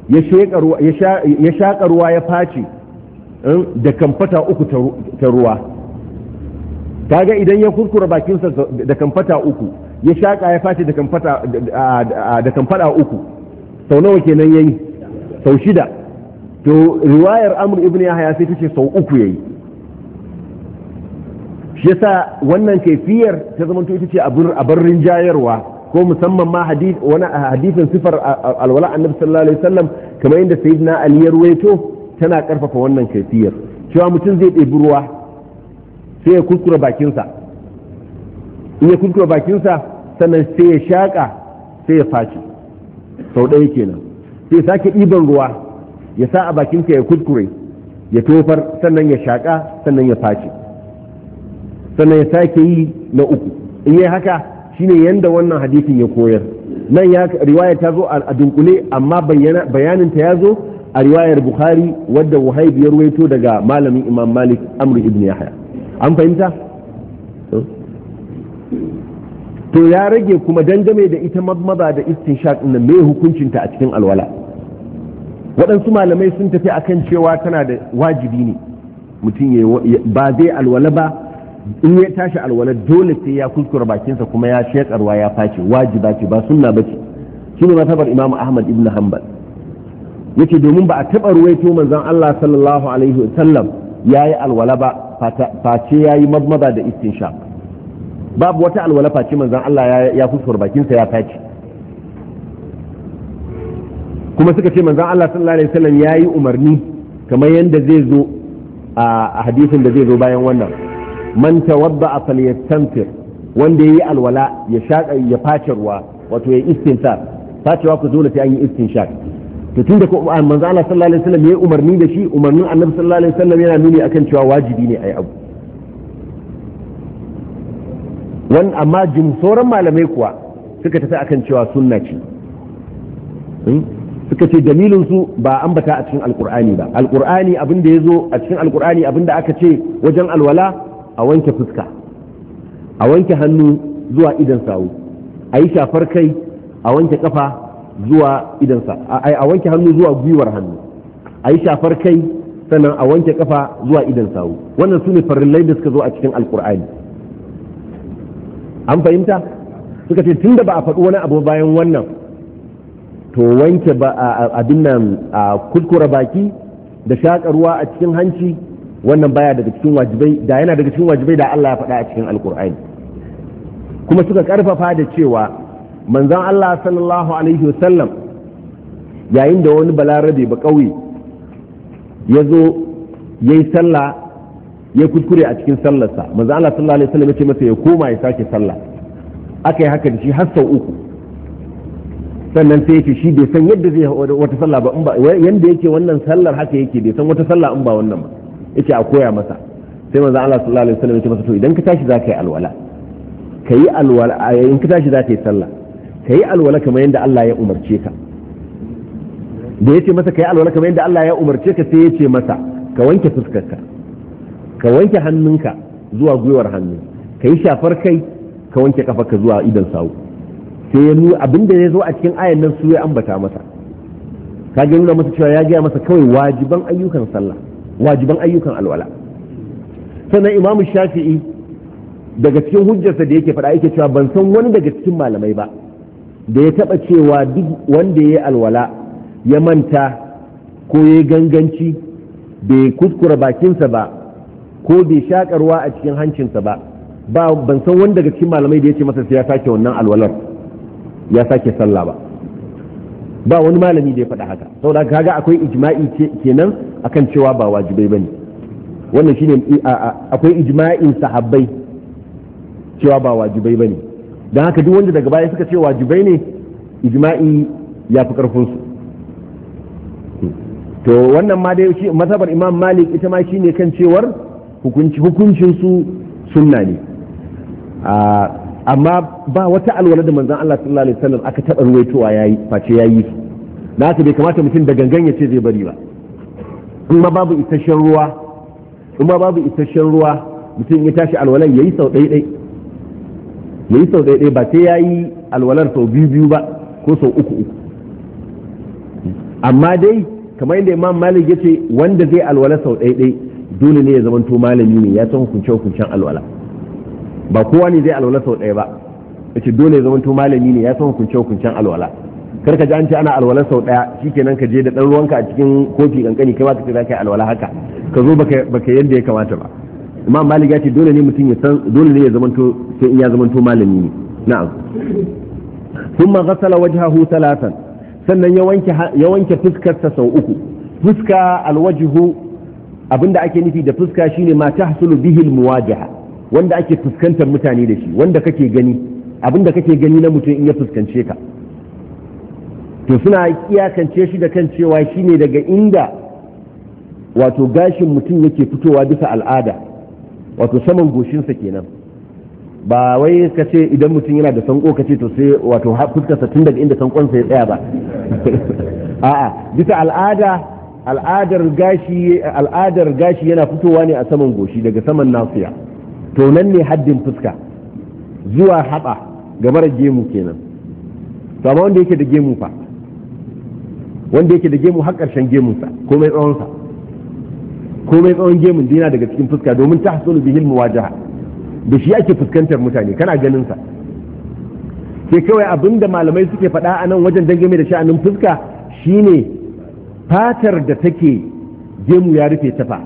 ya shaƙa ruwa ya face Eh, da kamfata uku ta ruwa kaga idan ya kurkura bakinsa da kamfata uku ya shaƙa ya fashe da kamfata uku sau nawa kenan ya yi? sau shida to riwayar amur ibn yahya sai tace sau uku ya yi. shi yasa wannan kaifiyar ta zama to ita ce a barrin jayarwa ko musamman ma hadith wani hadisin sifar alwala annabi sallallahu alaihi wasallam kamar yadda sayyidina ali ya ruwaito tana karfafa wannan kaifiyar cewa mutum zai ɗebi ruwa sai ya kuskura bakinsa in ya kuskura bakinsa sannan sai ya shaƙa sai ya faci sau ɗaya kenan sai sake ɗiban ruwa ya sa a bakinsa ya kuskure ya tofar sannan ya shaƙa sannan ya faci sannan ya sake yi na uku in yi haka shine yanda wannan hadisin ya koyar nan ya riwaya ta zo a dunkule amma bayaninta ya zo a riwayar bukhari wadda wahayb ya ruwaito daga malamin imam malik amr ibn yahya an fahimta to ya rage kuma dangame da ita mabmaba da istinshaq na mai hukuncinta a cikin alwala waɗansu malamai sun tafi a kan cewa tana da wajibi ne mutum ba zai alwala ba in ya tashi alwala dole sai ya kuskura bakinsa kuma ya shekarwa ya face wajiba ce ba sunna Su shine matabar imamu ahmad ibn hanbal yace domin ba a taɓa ruwaito manzon Allah sallallahu alaihi wasallam yi alwala ba face ya yi madmada da istinshaq babu wata alwala face manzon Allah ya kuskure bakin ya faci kuma suka ce manzon Allah sallallahu alaihi wasallam yi umarni kamar yadda zai zo a hadisin da zai zo bayan wannan man tawadda falyastanfir wanda yayi alwala ya shaƙa ya face ruwa wato ya istinsa facewa ku zo da sai an yi istinshaq to tun da manzo Allah sallallahu alaihi wasallam ya umarni da shi umarnin annabi sallallahu alaihi wasallam yana nuni akan cewa wajibi ne ayi abu wan amma jin sauran malamai kuwa suka tafi akan cewa sunna ce hmm? suka ce dalilin su ba ambata a cikin alqur'ani ba alqur'ani abin da yazo a cikin alqur'ani abin da aka ce wajen alwala a wanke fuska a wanke hannu zuwa idan sawu a yi shafar kai a wanke kafa zuwa idansa a wanke hannu zuwa gwiwar hannu a yi shafar kai sannan a wanke kafa zuwa idan sawu wannan su ne farillai da suka zo a cikin alkur'ani an fahimta suka ce tunda ba a faɗi wani abu bayan wannan to wanke abin nan a kuskura baki da shaƙa ruwa a cikin hanci wannan baya daga cikin wajibai da yana daga cikin wajibai da Allah ya faɗa a cikin alkur'ani kuma suka ƙarfafa da cewa Manzan Allah sallallahu alaihi wasallam yayin da wani balarabe ba ƙauye ya zo ya yi sallah ya kuskure a cikin sallarsa manzan Allah sallallahu alaihi wasallam ya ce masa ya koma ya sake sallah aka yi haka da shi har sau uku sannan sai yake shi bai san yadda zai wata sallah ba in yanda yake wannan sallar haka yake bai san wata sallah in ba wannan ba yace a koya masa sai manzan Allah sallallahu alaihi wasallam yake masa to idan ka tashi za ka yi alwala ka yi alwala in ka tashi za ka yi sallah ka yi alwala kamar yadda Allah ya umarce ka da ya ce masa ka yi alwala kamar yadda Allah ya umarce ka sai ya ce masa ka wanke fuskarka ka wanke hannunka zuwa gwiwar hannu ka yi shafar kai ka wanke kafarka zuwa idan sawu sai ya nuna abin da ya zo a cikin ayan nan su ya ambata masa ka ga nuna masa cewa ya gaya masa kawai wajiban ayyukan sallah wajiban ayyukan alwala sannan imamu shafi'i daga cikin hujjarsa da yake faɗa yake cewa ban san wani daga cikin malamai ba da ya taɓa cewa duk wanda ya yi alwala ya manta ko ya yi ganganci bai kuskura bakinsa ba ko bai shakarwa a cikin hancinsa ba ba ban san wanda daga cikin malamai da ya ce masa sai ya sake wannan alwalar ya sake sallah ba ba wani malami da ya faɗa haka saboda kaga akwai ijma'i kenan akan cewa ba wajibai bane wannan shine akwai ijma'in sahabbai cewa ba wajibai bane don haka duk wanda daga baya suka ce wajibai ne ijma'i ya fi karfinsu to wannan ma dai masabar imam malik ita ma shine kan cewar hukuncin su sunna ne amma ba wata alwala da manzan Allah sallallahu alaihi wasallam aka taɓa ruwaitowa yayi face yayi su da haka bai kamata mutum da gangan ya ce zai bari ba in ma babu isasshen ruwa in mutum ya tashi alwalan yayi sau ɗaiɗai ya yi sau ɗai-ɗai ba sai ya yi alwalar sau biyu biyu ba ko sau uku uku amma dai kamar yadda imam malik ya ce wanda zai alwala sau ɗai-ɗai dole ne ya to malami ne ya san hukunce hukuncen alwala ba kowa ne zai alwala sau ɗaya ba ya ce dole ya to malami ne ya san hukunce hukuncen alwala kar ka ji an ce ana alwala sau ɗaya shikenan ka je da ɗan ruwanka a cikin kofi kankani kai ma ka ce za ka yi alwala haka ka zo ba ka yadda ya kamata ba imam malik ya ce dole ne mutum ya san dole ne ya zamanto sai ya zamanto malami ne na'am sannan ya wanke ya wanke fuskarsa sau uku fuska alwajhu abinda ake nufi da fuska shine ma tahsulu bihi almuwajaha wanda ake fuskantar mutane da shi wanda kake gani abinda kake gani na mutum in ya fuskance ka to suna iyakance shi da kan cewa shine daga inda wato gashin mutum yake fitowa bisa al'ada wato saman goshinsa kenan ba wai ka idan mutum yana da sanko kace ce to sai wato fuskarsa tun daga inda sankonsa ya tsaya ba a'a bisa al'ada al'adar gashi al'adar gashi yana fitowa ne a saman goshi daga saman nasiya to nan ne haddin fuska zuwa haɓa ga mara gemu kenan to amma wanda yake da gemu fa wanda yake da gemu har ƙarshen gemunsa komai tsawonsa komai tsawon gemun dina daga cikin fuska domin ta hasulu bihil muwajaha da shi ake fuskantar mutane kana ganin sa sai kawai abin da malamai suke faɗa a nan wajen dangane da sha'anin fuska shine fatar da take gemu ya rufe tafa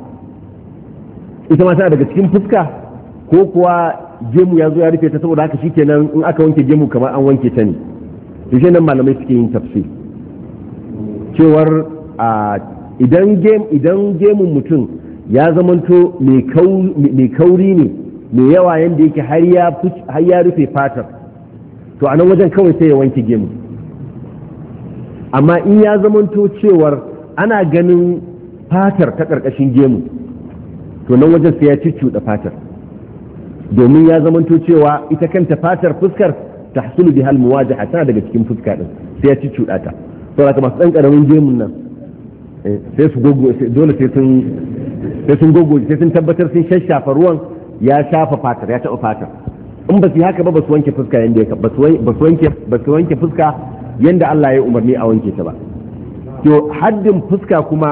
ita ma tana daga cikin fuska ko kuwa gemu ya zo ya rufe ta saboda haka shikenan in aka wanke gemu kamar an wanke ta ne to nan malamai suke yin tafsir cewar a ah, idan gemun mutum ya zamanto mai kauri ne mai yawa yadda yake har ya rufe fatar to a nan wajen kawai sai ya wanke gemu amma in ya zamanto cewar ana ganin fatar ta ƙarƙashin gemu to nan wajen sai ya cuccuɗa fatar domin ya zamanto cewa ita kanta fatar fuskar ta hasulu bihal muwajaha tana daga cikin fuska din sai ya cuccuɗa ta saboda masu ɗan ƙaramin gemun nan sai su gogo dole sai sun gogo sai sun tabbatar sun shashafa ruwan ya shafa fatar ya taɓa fatar in ba su yi haka ba ba su wanke fuska yadda ya ba su wanke ba su wanke fuska yadda Allah ya yi umarni a wanke ta ba to haddin fuska kuma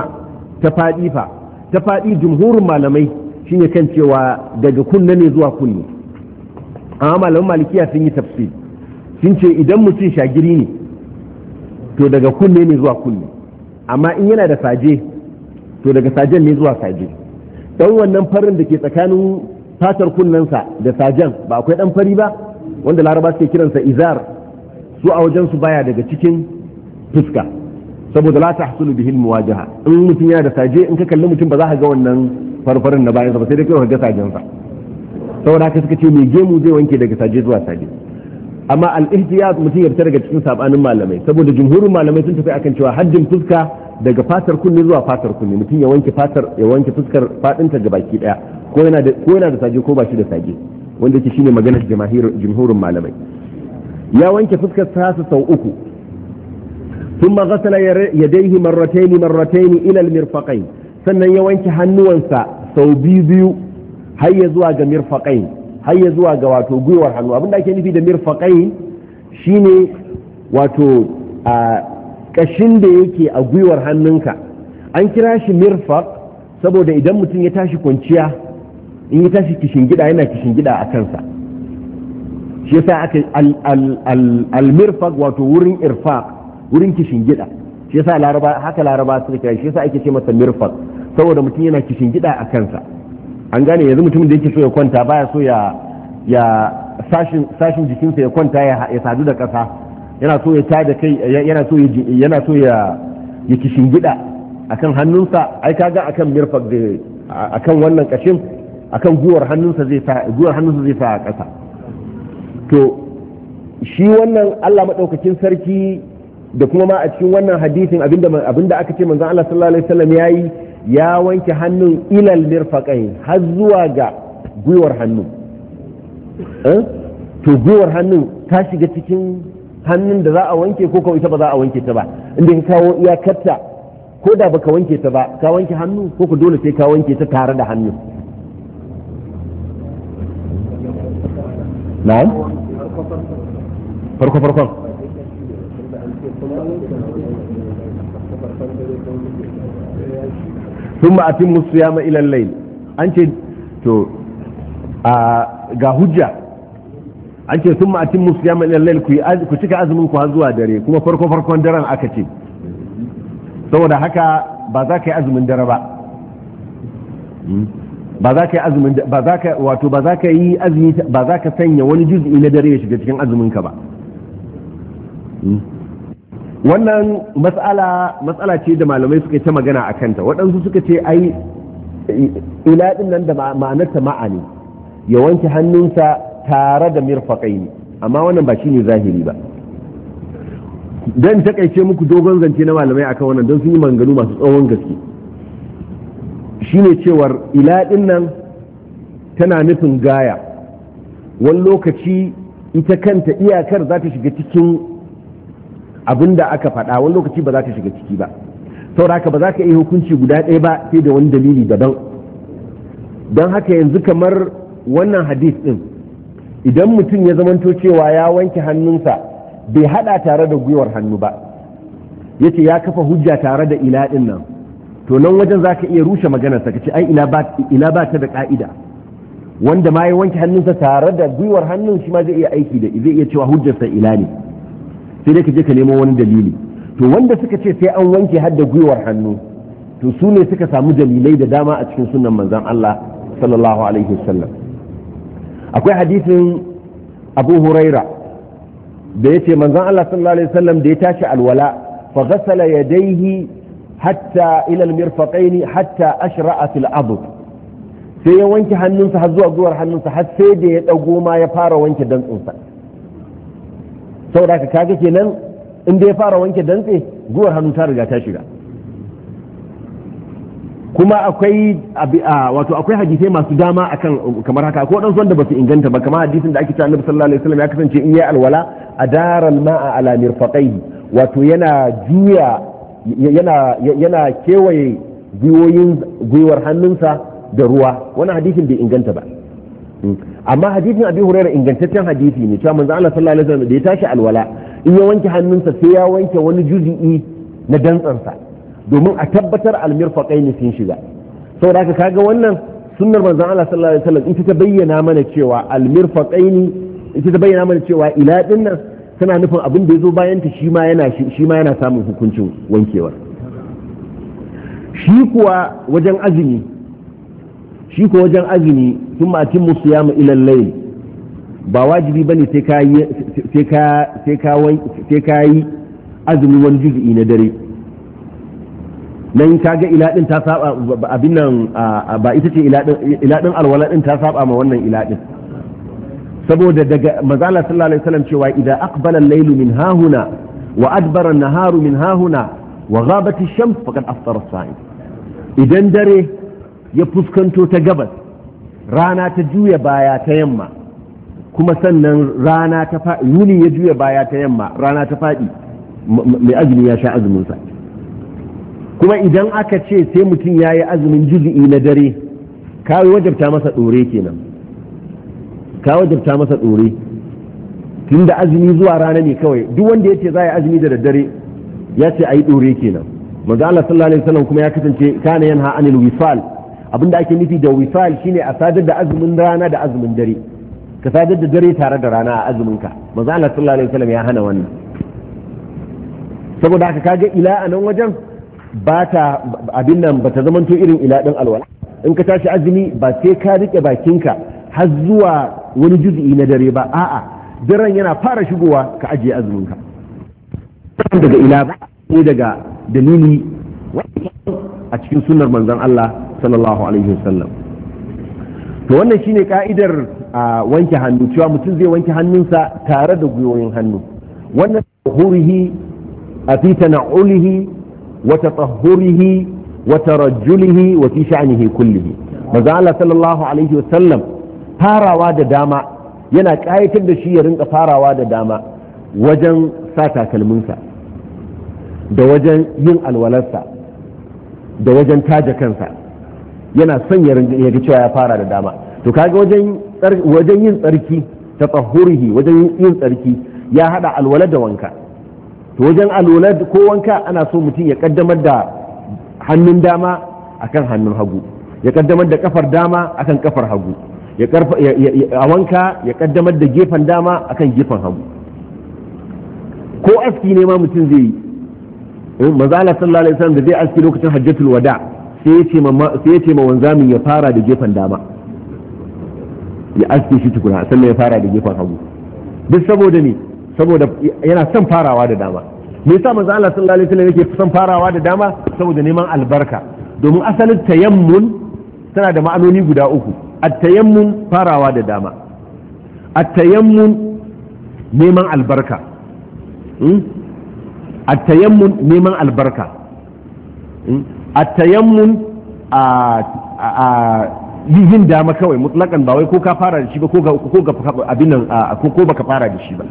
ta faɗi fa ta faɗi jumhurin malamai shine kan cewa daga kunne ne zuwa kunne amma malaman malikiya sun yi tafsir sun ce idan mutum shagiri ne to daga kunne ne zuwa kunne amma in yana da saje to daga sajen ne zuwa saje dan wannan farin da ke tsakanin fatar kunnensa da sajen ba akwai dan fari ba wanda laraba suke kiransa izar su a wajen su baya daga cikin fuska saboda la tahsulu bihin muwajaha in mutum yana da saje in ka kalli mutum ba za ka ga wannan farfarin na sa ba sai dai kai ka ga sajensa saboda haka suka ce me gemu zai wanke daga saje zuwa saje amma al-ihtiyat mutum ya fita daga cikin sabanin malamai saboda jumhurin malamai sun tafi akan cewa haddin fuska daga fatar kunne zuwa fatar kunne mutum ya wanke fatar ya wanke fuskar fadinta ga baki daya ko yana da ko yana da sage ko ba shi da sage wanda yake shine maganar jumhurin malamai ya wanke fuskar sa sau uku ثم غسل يديه مرتين مرتين الى المرفقين sannan ya wanke hannuwansa sau biyu biyu har ya zuwa ga har ya zuwa ga wato gwiwar hannu abinda ake nufi da mirfaqain shine wato a kashin da yake a gwiwar hannunka an kira shi mirfaq saboda idan mutum ya tashi kwanciya in ya tashi kishingida yana kishingida a kansa shi yasa aka al-mirfaq wato wurin irfaq wurin kishingida shi yasa laraba haka laraba suka kira shi yasa ake ce masa mirfaq saboda mutum yana kishingida a kansa an gane yanzu mutumin da yake so ya kwanta baya so ya ya sashin sashin jikinsa ya kwanta ya sadu da ƙasa yana so ya tada kai yana so yana so ya ya kishingida akan hannunsa ai kaga akan mirfak da akan wannan kashin akan guwar hannunsa zai sa guwar hannunsa zai sa a ƙasa to shi wannan Allah madaukakin sarki da kuma ma a cikin wannan hadisin abinda abinda aka ce manzon Allah sallallahu alaihi wasallam yayi ya wanke hannun ilal mirfaqain har zuwa ga gwiwar hannu eh? to gwiwar hannu ta shiga cikin hannun da za a wanke ko kawai ita ba za a wanke ta ba inda ka kawo iyakarta ko da baka wanke ta ba ka wanke hannu ko ku dole sai ka wanke ta tare da hannu na'am farko farkon sun fi musu ya ma'ilan lail an ce to ga hujja an ce sun ma'atin musu ya ma'ilan lail ku cika azumin ku har zuwa dare kuma farko farkon daren aka ce saboda haka ba za ka yi azumin dare ba hmm? ba za ka yi azumin ba za ka wato ba za ka yi azumi ba za ka sanya wani juz'i na dare ya shiga cikin azumin ka ba hmm? wannan matsala matsala ce da malamai suka ta magana a kanta waɗansu suka ce ai ila nan da ma'anarta ma'ani ya wanke hannunsa tare da mirfaƙai amma wannan ba shi ne zahiri ba Don takaice muku dogon zance na malamai akan wannan don sun yi manganu masu tsawon gaske shi ne cewar ila nan tana nufin gaya wani lokaci ita kanta iyakar za ta shiga cikin abin da aka faɗa wani lokaci ba za ka shiga ciki ba saboda haka ba za ka iya hukunci guda ɗaya ba sai da wani dalili daban don haka yanzu kamar wannan hadis ɗin idan mutum ya zamanto cewa ya wanke hannunsa bai haɗa tare da gwiwar hannu ba yace ya kafa hujja tare da ila ɗin nan to nan wajen za ka iya rushe maganarsa ka ce ai ila ba ta da ƙa'ida wanda ma ya wanke hannunsa tare da gwiwar hannun shi ma zai iya aiki da zai iya cewa hujjarsa ila ne sai dai ka je ka nemo wani dalili to wanda suka ce sai an wanke har da gwiwar hannu to su ne suka samu dalilai da dama a cikin sunan manzan Allah sallallahu alaihi wasallam akwai hadisin Abu Huraira da yace manzan Allah sallallahu alaihi wasallam da ya tashi alwala fa ghassala yadayhi hatta ila almirfaqain hatta ashra'a fil adud sai ya wanke hannunsa har zuwa gwiwar hannunsa har sai da ya dago ma ya fara wanke dantsinsa saboda ka kaga kenan in da ya fara wanke dantse guwar hannu ta riga ta shiga kuma akwai wato akwai hadisai masu dama akan kamar haka ko dan wanda ba su inganta ba kamar hadisin da ake cewa Annabi sallallahu alaihi wasallam ya kasance in yayi alwala adara alma'a ala mirfaqaihi wato yana juya yana yana kewaye gwiwoyin gwiwar hannunsa da ruwa wannan hadisin bai inganta ba amma hadisin abi hurairah ingantaccen hadisi ne cewa manzo Allah sallallahu alaihi wasallam da ya tashi alwala in ya wanke hannunsa sai ya wanke wani juz'i na dantsansa domin a tabbatar almirfaqain sun shiga saboda haka kaga wannan sunnar manzo Allah sallallahu alaihi wasallam ita ta bayyana mana cewa almirfaqain ita ta bayyana mana cewa ila dinnan tana nufin abin da yazo bayan ta shi ma yana shi ma yana samun hukuncin wankewar shi kuwa wajen azumi shi ko wajen azumi sun matin musu ya mu ba wajibi ba ne sai ka yi azumi wani juz'i na dare nan kaga ila ta saba abin nan ba ita ce iladin alwala din ta saba ma wannan iladin, saboda daga mazala sallallahu alaihi wasallam cewa idan aqbala al-laylu min hahuna wa adbara an-naharu min hahuna wa ghabat ash-shams faqad aftara as-sa'im idan dare ya fuskanto ta gabas rana ta juya baya ta yamma kuma sannan rana ta faɗi yuni ya juya baya ta yamma rana ta faɗi mai azumi ya sha azuminsa kuma idan aka ce sai mutum ya yi azumin juzi'i na dare ka wajabta masa ɗore kenan ka wajabta masa ɗore tun da azumi zuwa rana ne kawai duk wanda ya ce za a yi azumi da daddare ya ce a yi ɗore kenan manzo Allah sallallahu alaihi wasallam kuma ya kasance kana yanha anil wisal abinda ake nufi da wisal shine a sadar da azumin rana da azumin dare ka sadar da dare tare da rana a azumin ka manzo Allah sallallahu alaihi wasallam ya hana wannan saboda haka kaga ila a nan wajen ba ta abin nan ba ta zamanto irin ila din alwala in ka tashi azumi ba sai ka rike bakinka har zuwa wani juz'i na dare ba a'a daren yana fara shigowa ka ajiye azumin ka daga ila ba ko daga dalili a cikin sunnar manzon Allah sallallahu alaihi wasallam to wannan shine ka'idar wanke hannu cewa mutum zai wanke hannunsa tare da gwiwoyin hannu wannan tahurihi a fi tana'ulihi wa tatahhurihi wa tarajjulihi wa fi sha'nihi kullihi manzo Allah sallallahu alaihi wasallam farawa da dama yana kayatar da shi ya rinka farawa da dama wajen sa takalminsa da wajen yin alwalarsa da wajen taje kansa yana son ya ga cewa ya fara da dama to kaga wajen wajen yin tsarki ta tsahurihi wajen yin tsarki ya hada alwala da wanka to wajen alwala ko wanka ana so mutum ya kaddamar da hannun dama akan hannun hagu ya kaddamar da kafar dama akan kafar hagu a wanka ya kaddamar da gefen dama akan gefen hagu ko aski ne ma mutum zai yi eh, manzo sallallahu alaihi wasallam da zai aski lokacin hajjatul wada' sai ya ce ma wanzamin ya fara da gefen dama ya aske shi tukuna sannan ya fara da gefen hagu duk saboda ne saboda yana son farawa da dama me yasa manzo Allah sallallahu alaihi wasallam yake son farawa da dama saboda neman albarka domin asalin tayammun tana da ma'anoni guda uku at-tayammun farawa da dama at-tayammun neman albarka hmm? at-tayammun neman albarka hmm? a tayammun a yin dama kawai mutlakan ba wai ko ka fara da shi ba ko ga abin nan ko baka fara da shi ba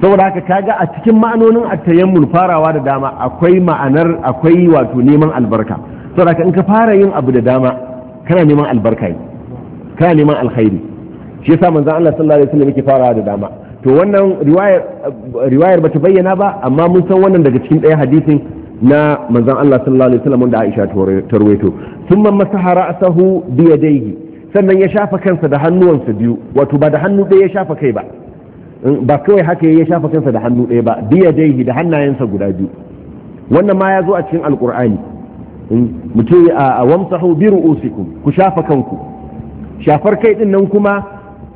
saboda haka kaga a cikin ma'anonin a tayammun farawa da dama akwai ma'anar akwai wato neman albarka saboda haka in ka fara yin abu da dama kana neman albarka yi kana neman alkhairi shi yasa manzon Allah sallallahu alaihi wasallam yake farawa da dama to wannan riwayar riwayar bata bayyana ba amma mun san wannan daga cikin ɗaya hadisin na manzan Allah sallallahu alaihi wasallam wanda Aisha ta ruwaito man masaha sahu bi yadayhi sannan ya shafa kansa da hannuwansa biyu wato ba da hannu ɗaya ya shafa kai ba ba kawai haka ya shafa kansa da hannu ɗaya ba bi yadayhi da hannayensa guda biyu wannan ma ya zo a cikin alqur'ani mutu a wamsahu bi ru'usikum ku shafa kanku shafar kai din nan kuma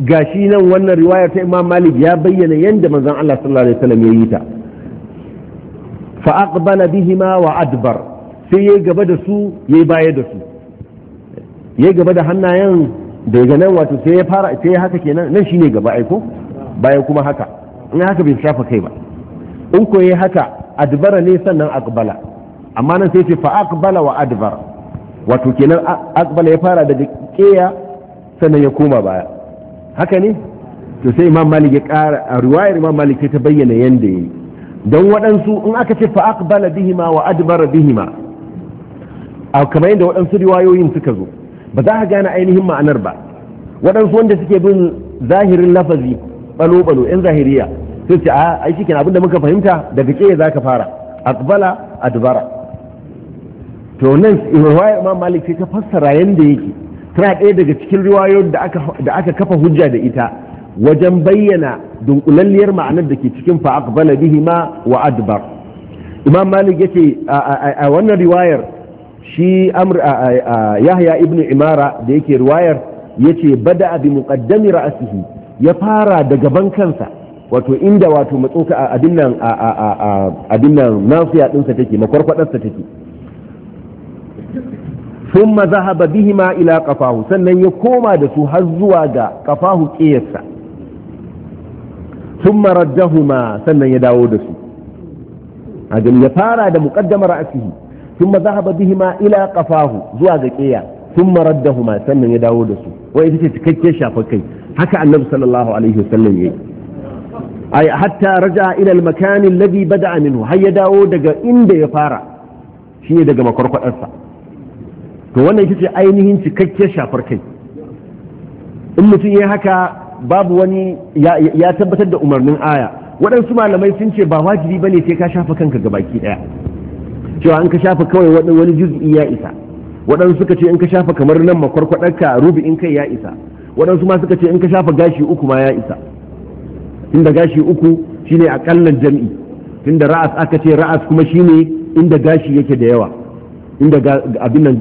gashi nan wannan riwayar ta Imam Malik ya bayyana yadda manzon Allah sallallahu alaihi wasallam ya yi ta fa aqbala bihima wa adbar sai yayi gaba da su yayi baya da su yayi gaba da hannayen da daga nan wato sai ya fara sai haka kenan nan shine gaba aiko baya kuma haka in haka bai shafa kai ba in ko yayi haka adbara ne sannan aqbala amma nan sai ce fa aqbala wa adbar wato kenan aqbala ya fara daga keya sannan ya koma baya haka ne to sai imam malik ya kara a riwayar imam malik ta bayyana yanda yayi don waɗansu in aka ce fa'aqbala bihima wa adbara bihima a kamar yadda waɗansu riwayoyin suka zo ba za ka gane ainihin ma'anar ba waɗansu wanda suke bin zahirin lafazi balo-balo 'yan zahiriya sai ce a ai shi abinda muka fahimta daga ke za ka fara aqbala adbara to nan riwayar imam malik sai ta fassara yanda yake tana ɗaya daga cikin riwayoyin da aka kafa hujja da ita wajen bayyana dunkulalliyar ma'anar da ke cikin fa'aq bala bihi ma wa adbar imam malik yace a wannan riwayar shi amr yahya ibn imara da yake riwayar yace bada bi muqaddami ra'sihi ya fara da gaban kansa wato inda wato matsoka a abin nan abin nan nasiya dinsa take makwarkwadarsa take thumma zahaba bihima ila qafahu sannan ya koma da su har zuwa ga qafahu qiyasa sun maraddahuma sannan ya dawo da su a gani fara da muƙaddamar asihi sun mazahaba bihima ila ƙafahu zuwa ga ƙeya sun maraddahuma sannan ya dawo da su wai ita ce cikakke shafa kai haka annabi sallallahu alaihi wasallam ya yi ay hatta raja ila al-makan alladhi da minhu har ya dawo daga inda ya fara shine daga makwarkwadarsa to wannan ita ainihin cikakke shafar kai in mutum ya haka babu wani ya tabbatar da umarnin aya waɗansu malamai sun ce ba wajibi bane sai ka shafa kanka ga baki ɗaya cewa an ka shafa kawai wani juz'i ya isa waɗansu suka ce in ka shafa kamar nan makwarkwadarka rubi'in kai ya isa waɗansu ma suka ce in ka shafa gashi uku ma ya isa inda gashi uku shine akallan jam'i tunda ra'as aka ce ra'as kuma shine inda gashi yake da yawa inda abin nan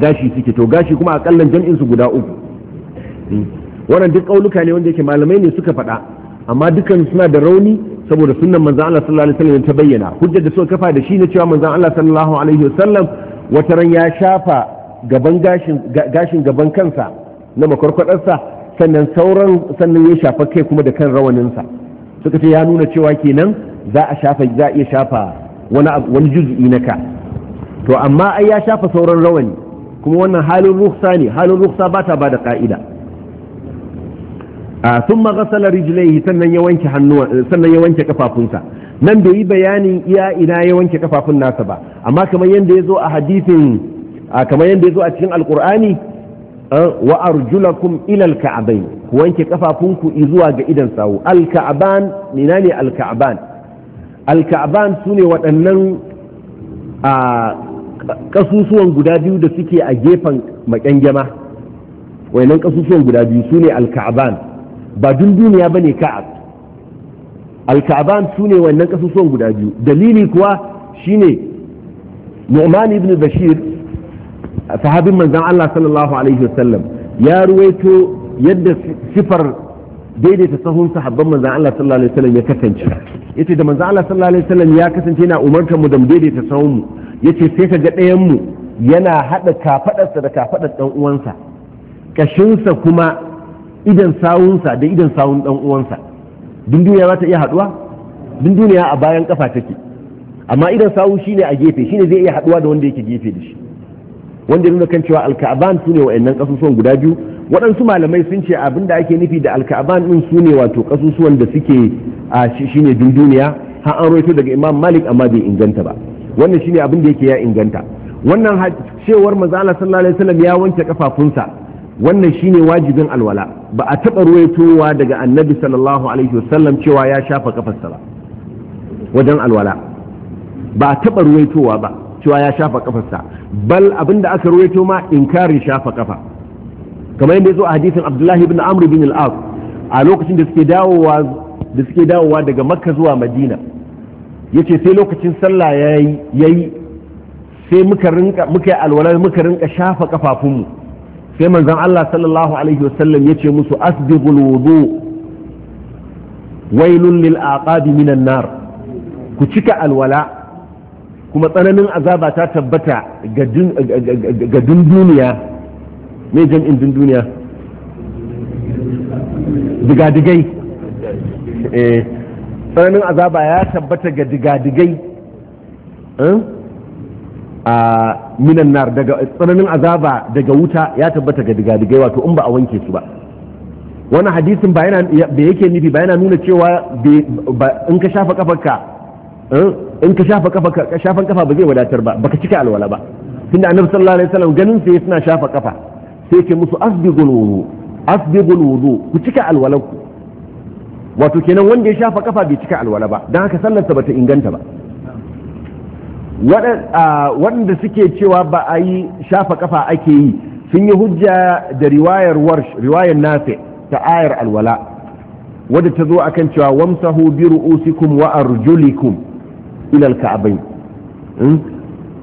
gashi suke to gashi kuma akallan jam'in su guda uku hmm. wannan duk kauluka ne wanda yake malamai ne suka faɗa amma dukan suna da rauni saboda sunnan manzon Allah sallallahu alaihi wasallam ta bayyana hujjar da suka kafa da shi ne cewa manzon Allah sallallahu alaihi wasallam wataran ya shafa gaban gashin gashin gaban kansa na makwarkwadarsa sannan sauran sannan ya shafa kai kuma da kan rawaninsa suka ce ya nuna cewa kenan za a shafa za a iya shafa wani wani juz'i na ka to amma ai ya shafa sauran rawani kuma wannan halin ruhsa ne halin ruhsa ba ta ba ka'ida sun ah, ghasala sanar sannan ya wanke sannan ya wanke kafafunsa nan bai yi bayanin iya ina ya wanke kafafun nasa ba amma kamar ya zo a hadisin ah, kamar ya zo a cikin alkur'ani ah, wa arjulakum ilal Ka'abai ku wanke kafafunku zuwa ga idan sawu alka'ban nina ne alka'ban su sune waɗannan a kasusuwan guda biyu da suke a gefen makyangyama wayannan kasusuwan guda biyu su sune alka'ban ba dunduniya bane ka'ab al-ka'ban sune wannan kasusuwan guda biyu dalili kuwa shine nu'man ibn bashir sahabin manzon Allah sallallahu alaihi wasallam ya ruwaito yadda sifar daidaita sahun sahabban manzon Allah sallallahu alaihi wasallam ya kasance yace da manzon Allah sallallahu alaihi wasallam ya kasance yana umartar mu da mu daidaita sahun mu yace sai ka ga ɗayan mu yana hada kafadarsa da kafadar dan uwansa kashinsa kuma idan sawunsa da idan sawun dan uwansa dunduniya za ta iya haduwa dunduniya a bayan kafa take amma idan sawu shine a gefe shine zai iya haduwa da wanda yake gefe da shi wanda nuna kan cewa alka'aban sune ne wa'annan kasusuwan guda biyu waɗansu malamai sun ce abin da ake nufi da alka'aban din su ne wato kasusuwan da suke a shine dunduniya har an roito daga imam malik amma bai inganta ba wannan shine abin da yake ya inganta wannan cewar manzo Allah sallallahu alaihi wasallam ya wanke kafafunsa wannan shine wajibin alwala ba a taɓa ruwaitowa daga annabi sallallahu alaihi wasallam cewa ya shafa kafarsa ba wajen alwala ba a taɓa ruwaitowa ba cewa ya shafa kafarsa bal abinda aka ruwaito ma inkarin shafa kafa kamar yadda ya zo a hadisin abdullahi ibn amr bin al-as a lokacin da suke dawowa da suke dawowa daga makka zuwa madina yace sai lokacin sallah yayi yayi sai muka rinka muka yi alwala muka rinka shafa kafafunmu sai manzan Allah sallallahu alaihi wasallam yace musu asbighul wudu wailun lil aqabi minan nar ku cika alwala kuma tsananin azaba ta tabbata ga dunduniya me jam'in dunduniya digadigai eh, tsananin azaba ya tabbata ga digadigai eh? a minan nar daga tsananin azaba daga wuta ya tabbata ga digadigai wato in ba a wanke su ba wannan hadisin ba yana da yake nufi ba yana nuna cewa in ka shafa kafarka eh, in ka shafa kafarka ka shafan kafa ba zai wadatar ba baka cika alwala ba tunda annabi sallallahu alaihi wasallam ganin sai suna shafa kafa sai ce musu asbigul wudu asbigul wudu ku cika alwalanku wato kenan wanda ya shafa kafa bai cika alwala ba dan haka sallarsa bata inganta ba waɗanda suke cewa ba a yi shafa kafa ake yi sun yi hujja da riwayar warsh riwayar nafi ta ayar alwala wadda ta zo akan cewa wamsahu bi ru'usikum wa arjulikum ila alka'bayn hmm?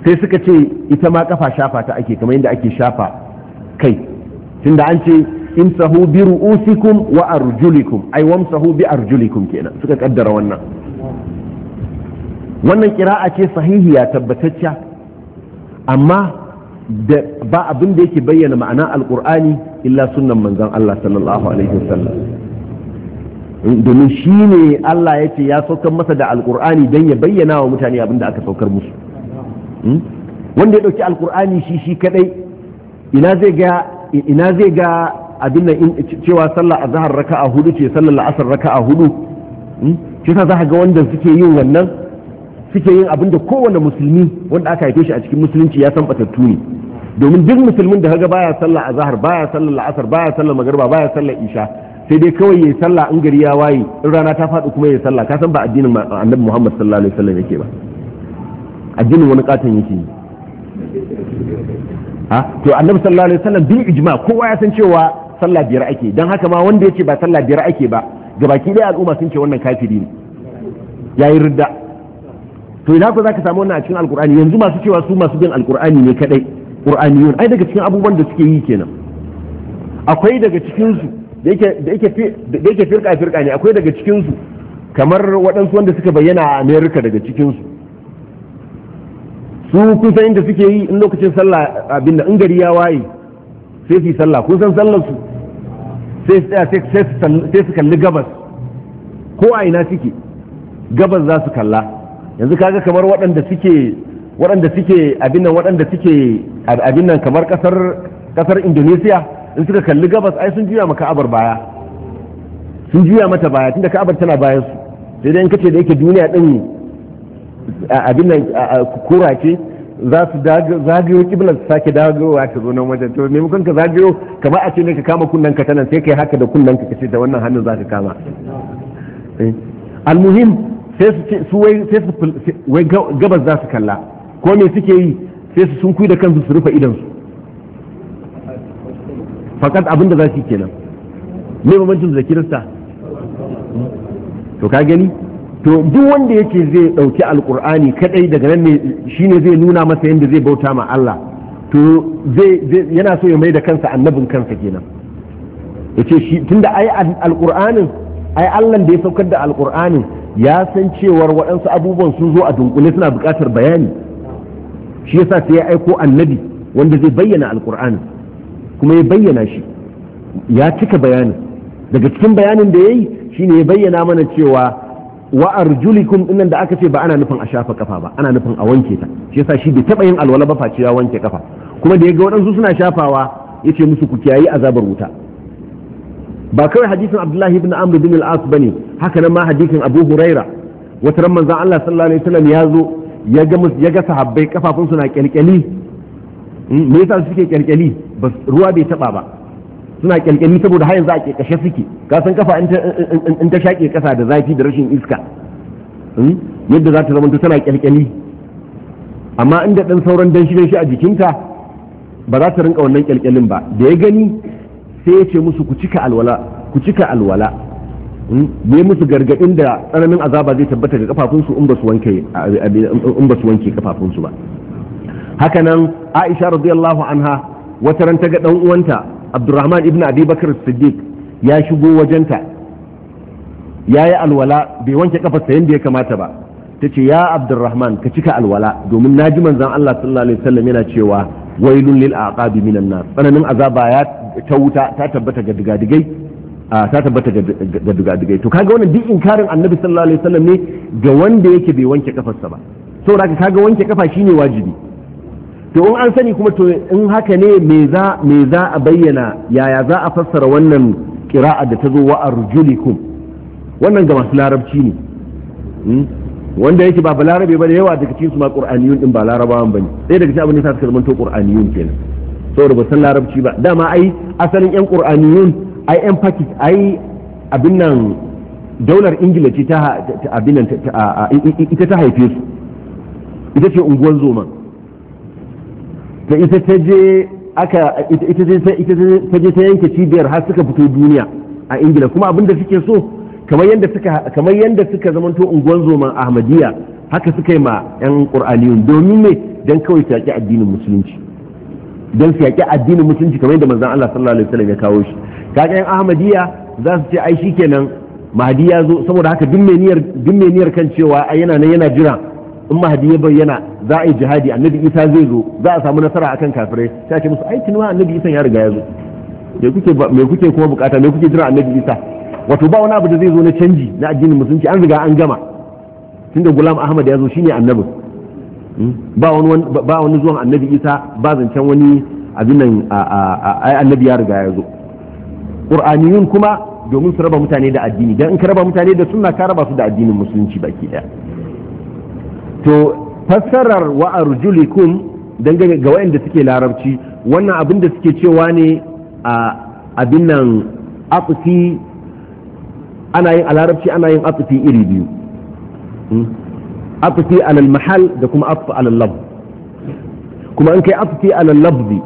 sai suka ce ita ma kafa shafa ta ake kamar yadda ake shafa kai tunda an ce imsahu bi ru'usikum wa arjulikum ai wamsahu bi arjulikum kenan suka kaddara wannan wannan kira'a ce sahihiya tabbatacciya amma da ba abin da yake bayyana ma'ana alkur'ani illa sunnan manzon Allah sallallahu alaihi wasallam domin shi ne Allah ya ce ya saukar masa da alkur'ani don ya bayyana wa mutane abin da aka saukar musu hmm? wanda ya ɗauki alkur'ani shi shi kadai ina zai ga abin da cewa sallah a zahar raka'a hudu ce sallar la'asar raka'a hudu hmm? shi sa za ga wanda suke yin wannan suke yin abin da kowane musulmi wanda aka haife shi a cikin musulunci ya san batattu ne domin duk musulmin da kaga baya sallah azhar baya sallah la'asar baya sallah magriba baya sallah isha sai dai kawai yayi sallah in gari ya waye in rana ta faɗi kuma yayi sallah ka san ba addinin annabi Muhammad sallallahu alaihi wasallam yake ba addinin wani katon yake yi ha to annabi sallallahu alaihi wasallam bil ijma kowa ya san cewa sallah biyar ake dan haka ma wanda yace ba sallah biyar ake ba gabaki ɗaya al'umma sun ce wannan kafiri ne yayi ridda to ina ku zaka samu wannan a cikin alkur'ani yanzu masu cewa su masu bin alkur'ani ne kadai qur'aniyun ai daga cikin abubuwan da suke yi kenan akwai daga cikin su da yake da yake firka firka ne akwai daga cikin su kamar waɗansu wanda suka bayyana a America daga cikin su su kun san inda suke yi in lokacin sallah abin da in gari ya waye sai su yi sallah kun san sallar su sai su kalli gabas ko a ina suke gabas za su kalla yanzu kaga kamar waɗanda suke waɗanda suke abin nan waɗanda suke abin nan kamar kasar kasar Indonesia in suka kalli gabas ai sun juya maka abar baya sun juya mata baya tunda ka'abar tana bayan su sai dai in kace da yake duniya din abin nan kura ce za su zagayo kiblar su sake dagayowa ta zo nan wajen to maimakon ka zagayo kama a ce ne ka kama kunnen ka tanan sai kai haka da kunnen ka kace da wannan hannun za ka kama eh. al-muhim. sai su wai gabas za su kalla ko me suke yi sai su sun da kansu su rufe idansu fakat abin da za su yi kenan me bambancin da kirista to ka gani to duk wanda yake zai dauki alkur'ani kadai daga nan ne shine zai nuna masa yadda zai bauta ma Allah to zai yana so ya mai da kansa annabin kansa kenan yace shi tunda ai alkur'anin ai Allah da ya saukar da alkur'anin ya san cewar waɗansu abubuwan sun zo a dunkule suna buƙatar bayani shi yasa sai ya aiko annabi wanda zai bayyana alkur'ani kuma ya bayyana shi ya cika bayanin daga cikin bayanin da ya yi shine ya bayyana mana cewa wa arjulikum dinnan da aka ce ba ana nufin a shafa kafa ba ana nufin a wanke ta shi yasa shi bai taba yin alwala ba face ya wanke kafa kuma da ya ga waɗansu suna shafawa ya ce musu ku kiyayi azabar wuta ba kawai hadisin abdullahi ibn amr bin al-as bane haka nan ma hadisin abu huraira wata ran manzon Allah sallallahu alaihi wasallam ya zo ya ga ya ga sahabbai kafafun suna kyalkyali hmm, me yasa suke kyalkyali ba ruwa bai taba ba suna kyalkyali saboda har yanzu a ke kashe suke ka san kafa in ta shake kasa da zafi da rashin iska hmm, yadda za ta zamanto tana kyalkyali amma inda dan sauran dan shi a jikinta ba za ta rinka wannan kyalkyalin ba da ya gani sai ya ce musu ku cika alwala ku cika alwala ne hmm? musu gargadin da tsananin azaba zai tabbata ga kafafunsu in ba su wanke su kafafunsu ba Aisha radiyallahu anha wata ran ta ga dan uwanta Abdurrahman ibn Abi Bakr Siddiq ya shigo wajenta yayi alwala bai wanke kafarsa yanda ya kamata ba tace ya Abdurrahman ka cika alwala domin naji manzon Allah sallallahu alaihi wasallam yana cewa wailul lil aqabi minan nas tsananin azaba ya ta wuta ta tabbata ga digadigai ta tabbata ga digadigai to kaga wannan duk inkarin annabi sallallahu alaihi wasallam ne ga wanda yake bai wanke kafarsa ba saboda kaga wanke kafa shine wajibi to in an sani kuma to in haka ne me za me za a bayyana yaya za a fassara wannan qira'a da ta zo wa arjulikum wannan ga masu larabci ne hmm? wanda yake ba balarabe ba da yawa daga cikin su ma qur'aniyun din ba larabawan bane sai daga cikin abin da suka zama to qur'aniyun kenan saboda ba san larabci ba dama ai asalin yan qur'aniyun ai yan pakis ai abin nan daular ingila ce ta abin nan ita ta haife su ita ce unguwan zoman ta ita ta je aka ita ta je ta yanke cibiyar har suka fito duniya a ingila kuma abin da suke so kamar yadda suka kamar yadda suka zamanto unguwan zoman ahmadiyya haka suka yi ma yan qur'aniyun domin ne dan kawai ta addinin musulunci don su yaƙi addinin mutunci kamar yadda manzon Allah sallallahu alaihi wasallam ya kawo shi kaga yan ahmadiyya za su ce ai shikenan mahdi ya zo saboda haka duk mai niyyar duk mai niyyar kan cewa ai yana nan yana jira in mahdi ya bayyana za a yi jihadi annabi isa zai zo za a samu nasara akan kafirai sai ce musu ai tunwa annabi isa ya riga ya zo me kuke me kuke kuma bukata me kuke jira annabi isa wato ba wani abu da zai zo na canji na addinin musulunci an riga an gama tunda gulam ahmad ya zo shine annabin ba wani zuwan annabi isa ba zancen wani abin nan annabi ya riga ya zo ƙur'aniyun kuma domin su raba mutane da addini dan in ka raba mutane da sunna ka raba su da addinin musulunci baki daya to fassarar wa arjulikum dangane ga wayanda suke larabci wannan abin da suke cewa ne a abin nan ana yin a larabci ana yin aqsi iri biyu hmm? afafi alal mahal da kuma afafi alal lab kuma an kai afafi alal labzi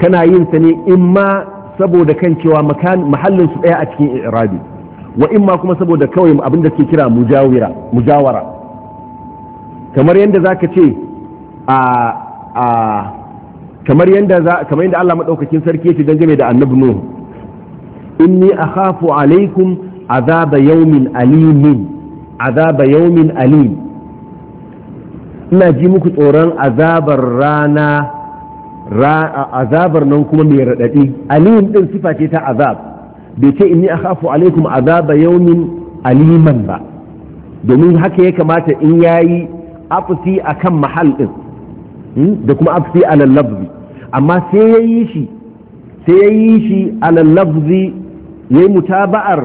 kana yin sa ne in ma saboda kan cewa mahallin su daya a cikin irabi wa in ma kuma saboda kawai abin da suke kira mujawira mujawara kamar yadda zaka ce a a kamar yadda za kamar yadda Allah madaukakin sarki yake dangane da annabi nuhu inni akhafu alaikum azaba yawmin alimin azaba yawmin alim ina ji muku tsoron azabar rana azabar nan kuma mai raɗaɗi alim ɗin sifa ce ta azab bai ce inni akhafu alaikum azaba yaumin aliman ba domin haka ya kamata in yayi afsi akan mahal ɗin hmm, da kuma afsi alal lafzi amma sai ya yi shi sai ya yi shi alal lafzi ya yi mutaba'ar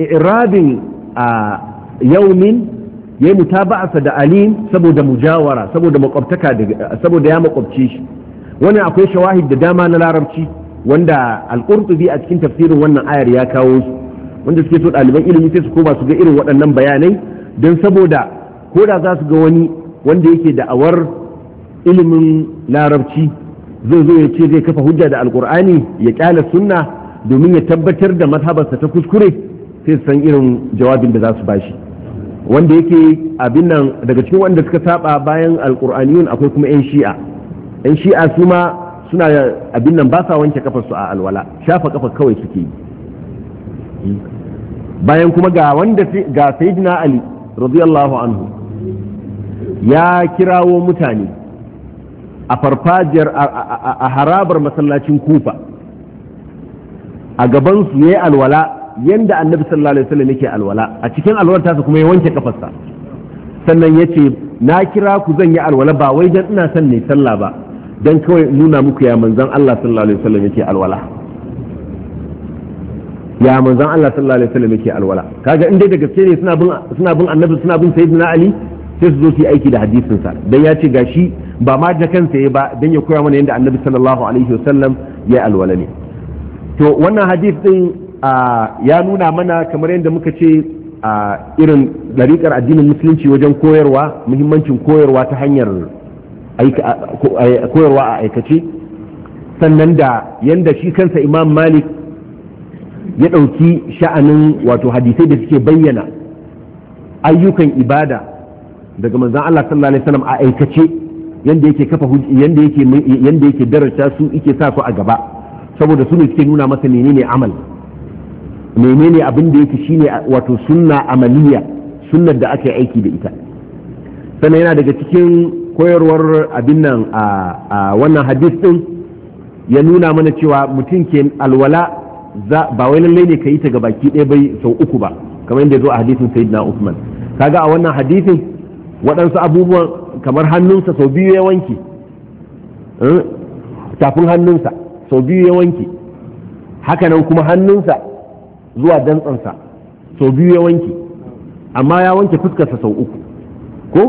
irabin a yaumin ya yi mutaba'arsa da Ali saboda mujawara saboda makwabtaka saboda ya makwabci shi wannan akwai shawahid da dama na larabci wanda al-qurtubi a cikin tafsirin wannan ayar ya kawo su wanda suke so ɗaliban ilimi sai su koma su ga irin waɗannan bayanai don saboda ko da za su ga wani wanda yake da awar ilimin larabci zai zo ya ce zai kafa hujja da alkur'ani ya kyala sunna domin ya tabbatar da mazhabarsa ta kuskure sai san irin jawabin da za su bashi wanda yake abin nan daga cikin wanda suka saba bayan alqur'aniyun akwai kuma yan shi'a yan shi'a su ma suna abin nan ba sa wanke kafarsu a alwala shafa kafa kawai suke yi bayan kuma ga wanda ga sayyidina ali radiyallahu anhu ya kirawo mutane a farfajiyar a harabar masallacin kufa a gabansu ya yi alwala yanda annabi sallallahu alaihi wasallam yake alwala a cikin alwalar tasa kuma ya wanke kafarsa sannan ya ce na kira ku zan yi alwala ba wai dan ina son ne sallah ba dan kawai nuna muku ya manzon Allah sallallahu alaihi wasallam yake alwala ya manzon Allah sallallahu alaihi wasallam yake alwala kaga in dai da gaske ne suna bin suna bin annabi suna bin sayyidina Ali sai su zo su yi aiki da hadisin sa dan ya ce gashi ba ma da kansa ya ba dan ya koya mana yadda annabi sallallahu alaihi wasallam ya alwala ne to wannan hadith din ya nuna mana kamar yadda muka ce a irin ɗariƙar addinin musulunci wajen koyarwa muhimmancin koyarwa ta hanyar koyarwa a aikace sannan da yadda shi kansa imam malik ya ɗauki sha'anin wato hadisai da suke bayyana ayyukan ibada daga manzan Allah sallallahu alaihi wasallam a aikace yadda yake kafa yadda yake yadda su yake sa su a gaba saboda su ne suke nuna masa menene amal menene abin da yake shine wato sunna amaliya sunnar da ake aiki da ita sannan yana daga cikin koyarwar abin nan a wannan hadis din ya nuna mana cewa mutum ke alwala ba wai lallai ne ka yi ta ga baki ɗaya bai sau uku ba kamar yadda zo a hadithin sayyidina usman kaga a wannan hadithin waɗansu abubuwan kamar hannunsa sau biyu ya wanke eh, tafin hannunsa sau biyu ya wanke hakanan kuma hannunsa zuwa dantsansa sau biyu ya wanke amma ya wanke fuskarsa sau uku ko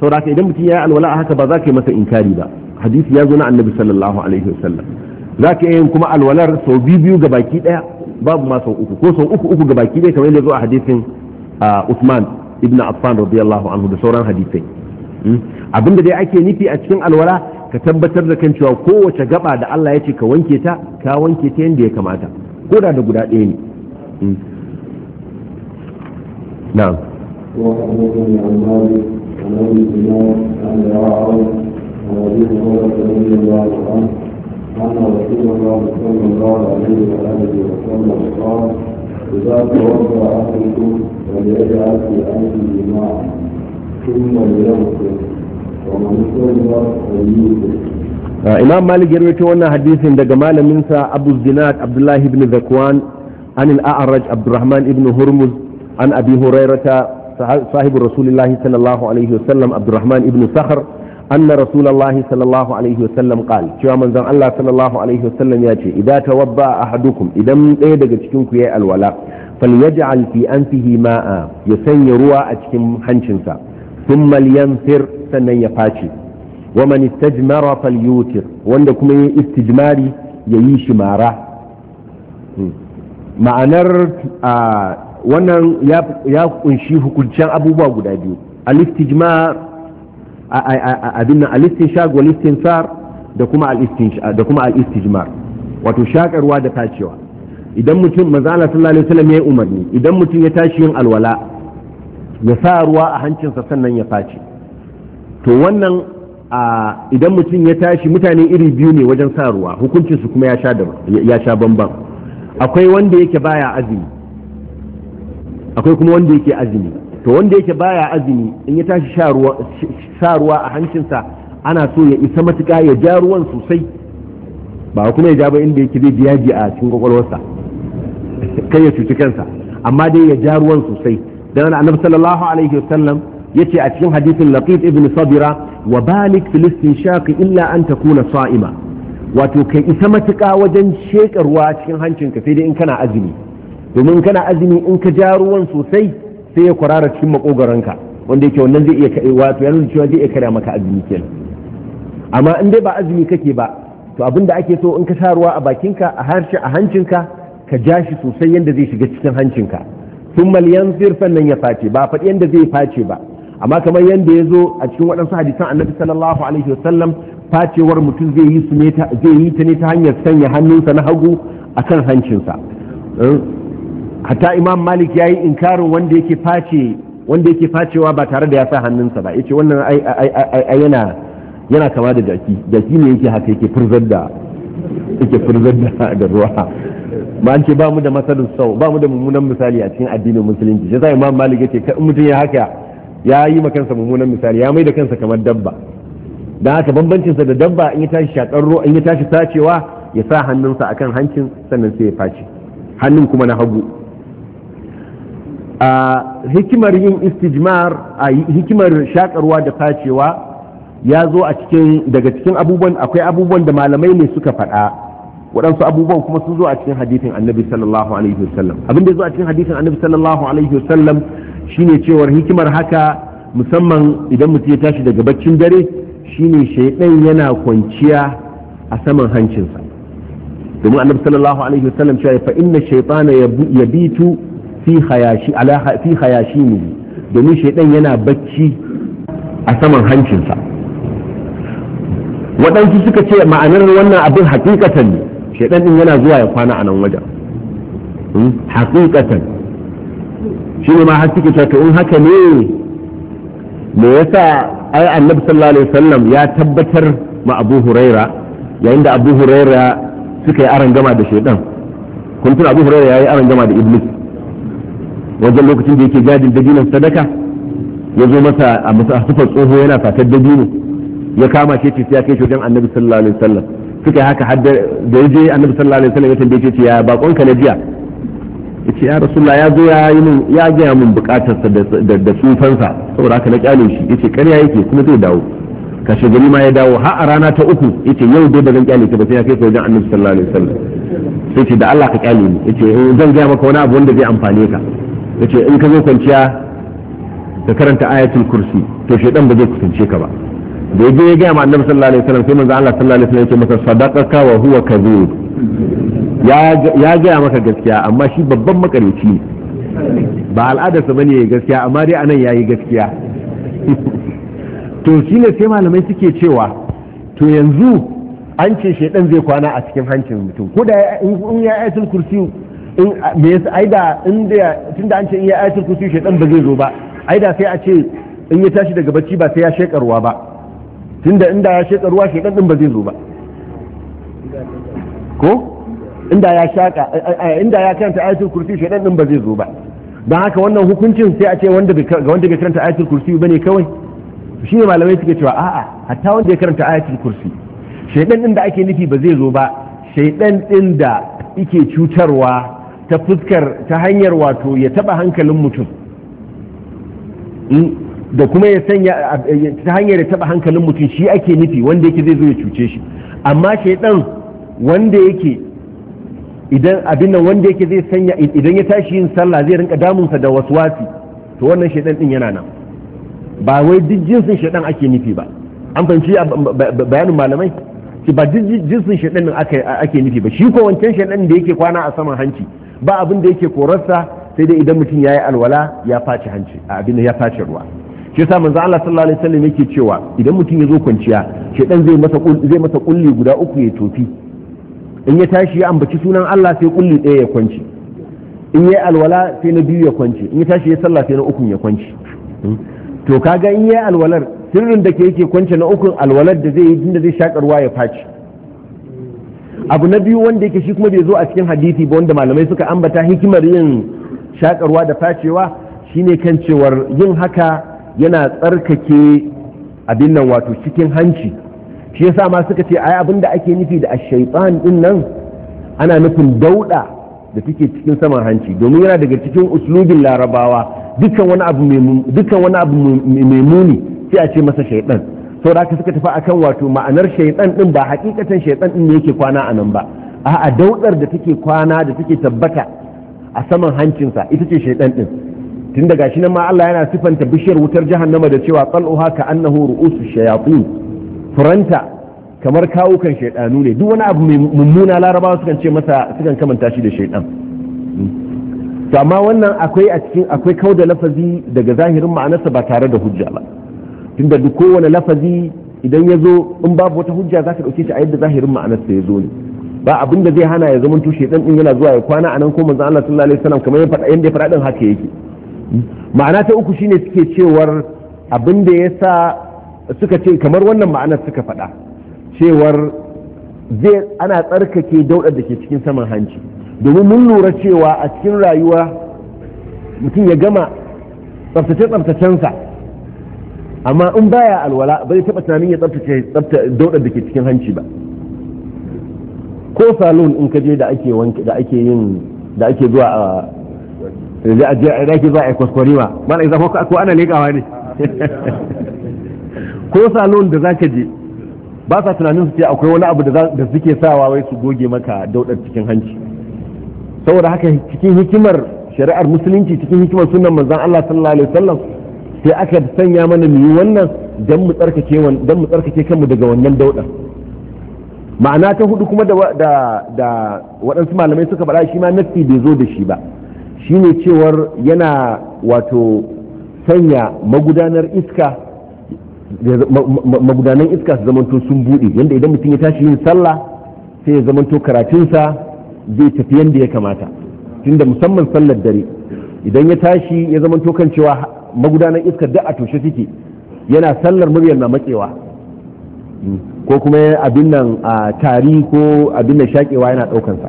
sauraka idan mutum ya yi alwala a haka ba za ka yi masa inkari ba hadisi ya zo na annabi sallallahu alaihi wasallam za ka yi kuma alwalar sau biyu biyu ga baki daya babu ma sau uku ko sau uku uku ga baki daya kamar yadda zo a hadisin Usman ibn Affan radiyallahu anhu da sauran hadisai hmm? da dai ake nufi a cikin alwala ka tabbatar da kan cewa kowace gaba da Allah ya ce ka wanke ta ka wanke ta yadda ya kamata ko da da guda ɗaya ne Imam Malik ya rubuta wannan hadisin daga malaminsa Abu Zinad Abdullahi bin Zakwan عن الأعرج عبد الرحمن بن هرمز عن أبي هريرة صاحب رسول الله صلى الله عليه وسلم عبد الرحمن بن صخر أن رسول الله صلى الله عليه وسلم قال شو من ذن الله صلى الله عليه وسلم ياتي إذا توضأ أحدكم إذا من إيدك تشكنك يا الولاء فليجعل في أنفه ماء يسني روى أتكم حنشنسا ثم لينفر سنن يفاشي ومن استجمر فليوتر وعندكم استجماري يعيش مارا ma'anar wannan ya kunshi hukuncen abubuwa guda biyu A abin nan alistishaq wal tsar, da kuma a kuma alistijmar wato shakarwa da tacewa idan mutum manzo sallallahu alaihi wasallam ya umarni idan mutum ya tashi yin alwala ya sa ruwa a hancinsa sannan ya face to wannan idan mutum ya tashi mutane iri biyu ne wajen sa ruwa hukuncinsu kuma ya sha bambam akwai wanda yake baya azumi akwai kuma wanda yake azumi to wanda yake baya azumi in ya tashi sha ruwa a hancinsa ana so ya isa matuka ya ja ruwan sosai ba kuma ya ja ba inda yake zai biyaji a cikin kwakwalwarsa kai ya cuci kansa amma dai ya ja ruwan sosai dan annabi sallallahu alaihi wasallam yace a cikin hadisin laqit ibn sabira wa balik filistin shaqi illa an takuna sa'ima wato kai isa matuƙa wajen sheƙa ruwa cikin hancinka sai dai in kana azumi domin kana azumi in ka ja ruwan sosai sai ya kwarara cikin makogaranka wanda yake wannan zai iya wato ya cewa zai iya kare maka azumi kenan amma in dai ba azumi kake ba to abin da ake so in ka sha ruwa a bakinka a harshe a hancinka ka ja shi sosai yadda zai shiga cikin hancinka sun maliyan zirfan nan ya face ba faɗi yanda zai face ba amma kamar yadda ya zo a cikin waɗansu hadisan annabi sallallahu alaihi wasallam facewar mutum zai yi yi ta ne ta hanyar sanya hannunsa na hagu akan hancinsa eh, hatta imam malik ya yi inkarin wanda yake face wanda yake facewa ba tare da ya sa hannunsa ba yace wannan ai yana yana kama da jaki jaki ne yake haka yake furzar da yake furzar da da ruwa ba an ce ba mu da masalin sau ba mu da mummunan misali a cikin addinin musulunci sai imam malik ce mutum ya haka ya yi ma kansa mummunan misali ya mai da kansa kamar dabba da haka bambancinsa da dabba in ya tashi shakar ruwa in ya tashi tacewa ya sa hannunsa akan hancin sannan sai ya face hannun kuma na hagu a hikimar yin istijmar a hikimar shakarwa da facewa ya zo a cikin daga cikin abubuwan akwai abubuwan da malamai ne suka faɗa waɗansu abubuwan kuma sun zo a cikin hadithin annabi sallallahu alaihi wasallam abin da ya zo a cikin hadithin annabi sallallahu alaihi wasallam shine cewar hikimar haka musamman idan mutum ya tashi daga baccin dare shine shaidan yana kwanciya a saman hancinsa domin annabi sallallahu alaihi wasallam cewa fa inna shaytana yabitu fi hayashi ala fi hayashini domin shaidan yana bacci a saman hancinsa waɗansu suka ce ma'anar wannan abin hakikatan ne shaidan din yana zuwa ya kwana a nan wajen hmm? hakikatan shi ne ma har suke cewa to in haka ne me yasa ai annabi sallallahu alaihi wasallam ya tabbatar ma abu huraira yayin da abu huraira suka yi aron gama da shedan kun tuna abu huraira ya yi aron gama da iblis wajen lokacin da yake gadin dabinin sadaka ya zo masa a masafar tsoho yana fatar dabino ya kama shi ce ya kai shi wajen annabi sallallahu alaihi wasallam suka yi haka har da yaje annabi sallallahu alaihi wasallam ya tambaye shi ya bakon ka na jiya yace ya rasulullah ya zo ya yi min ya gaya min sa da tsufansa saboda haka na kyale shi yace ƙarya yake kuma zai dawo kashe gari ma ya dawo har a rana ta uku yace yau dai ba zan kyale ka ba sai ya kai ka wajen annabi sallallahu alaihi wasallam sai ce da Allah ka kyale ni yace eh, zan gaya maka wani abu wanda zai amfane ka yace in ka zo kwanciya ka karanta ayatul kursi to shedan ba zai kusance ka ba da yaje ya gaya ma annabi sallallahu alaihi wasallam sai manzo Allah sallallahu alaihi wasallam yace masa sadaqaka wa huwa kadhib ya gaya maka gaskiya amma shi babban makarici ne ba al'adarsa bane ya yi gaskiya amma dai anan ya yi gaskiya to shi ne sai malamai suke cewa to yanzu an ce shedan zai kwana a cikin hancin mutum ko da in ya ayatul kursi in me yasa aida da in da tunda an ce in ya ayatul kursi shedan ba zai zo ba aida da sai a ce in ya tashi daga bacci ba sai ya sheka ruwa ba tunda inda ya sheka ruwa shaidan din ba zai zo ba ko inda ya shaka inda ya karanta ayatul kursi shaidan din ba zai zo ba don haka wannan hukuncin sai a ce wanda ga wanda bai karanta ayatul kursi bane kawai shi ne malamai suke cewa a'a hatta wanda ya karanta ayatul kursi shaidan din da ake nufi ba zai zo ba shaidan din da yake cutarwa ta fuskar ta hanyar wato ya taba hankalin mutum hmm? da kuma ya sanya ta hanyar ya taba hankalin mutum shi ake nufi wanda yake zai zo ya cuce shi amma shaidan wanda yake idan abin nan wanda yake zai sanya idan ya tashi yin sallah zai rinka damunsa da waswasi to wannan shaidan din yana nan ba wai duk jinsin shaidan ake nufi ba an fahimci bayanin malamai ki ba duk jinsin shaidan din ake nufi ba shi ko wancan shaidan da yake kwana a saman hanci ba abin da yake korarsa sai dai idan mutum yayi alwala ya faci hanci a abin ya faci ruwa shi yasa manzo Allah sallallahu alaihi wasallam yake cewa idan mutum ya zo kwanciya shaidan zai masa zai masa kulli guda uku ya tofi in ya tashi ya ambaci sunan Allah sai kulli ɗaya ya kwanci in ya alwala sai na biyu ya kwanci in ya tashi ya sallah sai na ukun ya kwanci to kaga in ya alwalar sirrin da ke yake kwance na ukun alwalar da zai yi da zai shakarwa ya faci abu na biyu wanda yake shi kuma bai zo a cikin hadisi ba wanda malamai suka ambata hikimar yin shakarwa da facewa shine kan cewar yin haka yana tsarkake abin nan wato cikin hanci shi yasa ma suka ce ai abin da ake nufi da ashaitan din nan ana nufin dauda da take cikin saman hanci domin yana daga cikin uslubin larabawa dukkan wani abu mai dukkan wani abu mai muni sai a ce masa shaitan saboda haka suka tafi akan wato ma'anar shaitan din ba hakikatan shaitan din ne yake kwana a nan ba a'a daudar da take kwana da take tabbata a saman hancinsa ita ce shaitan din tun daga shi nan ma Allah yana sifanta bishiyar wutar jahannama da cewa qal'uha ka annahu ru'usu shayatin furanta kamar kawukan shaidanu ne duk wani abu mai mummuna larabawa sukan ce masa sukan kamanta shi da shaidan to amma wannan akwai a cikin akwai kauda lafazi daga zahirin ma'anarsa ba tare da hujja ba tunda duk kowane lafazi idan ya zo in babu wata hujja za ka ɗauke shi a yadda zahirin ma'anarsa ya zo ne ba abin da zai hana ya zama tushe dan din yana zuwa ya kwana a nan ko manzo Allah sallallahu alaihi wasallam kamar yadda ya faɗa din haka yake ma'ana ta uku shine suke cewar abin da ya sa suka ce kamar wannan ma'anar suka faɗa cewar zai ana tsarkake daudar da ke cikin saman hanci domin mun lura cewa a cikin rayuwa mutum ya gama tsaftace-tsaftacensa amma in baya alwala bai taɓa tunanin ya tsaftace daudar da ke cikin hanci ba ko salon in ka je da ake da ake yin da ake zuwa a da ake zuwa a kwaskwarima zafi ko ana leƙawa ne ko salon da zaka je ba sa tunanin su ce akwai wani abu da suke sawa wai su goge maka daudar cikin hanci saboda haka cikin hikimar shari'ar musulunci cikin hikimar sunan manzon Allah sallallahu alaihi wasallam sai aka sanya mana mu yi wannan dan mu tsarkake dan mu tsarkake kanmu daga wannan daudar ma'ana ta hudu kuma da da waɗansu malamai suka faɗa shi ma nafi bai zo da shi ba shine cewar yana wato sanya magudanar iska magudanan iska su zamanto sun buɗe yadda idan mutum ya tashi yin sallah sai ya zamanto karatunsa zai tafi yadda ya kamata tunda musamman sallar dare idan ya tashi ya zamanto kan cewa magudanan iskar da a toshe suke yana sallar muryar na matsewa hmm. ko kuma abin nan a tari ko abin nan shakewa yana ɗaukansa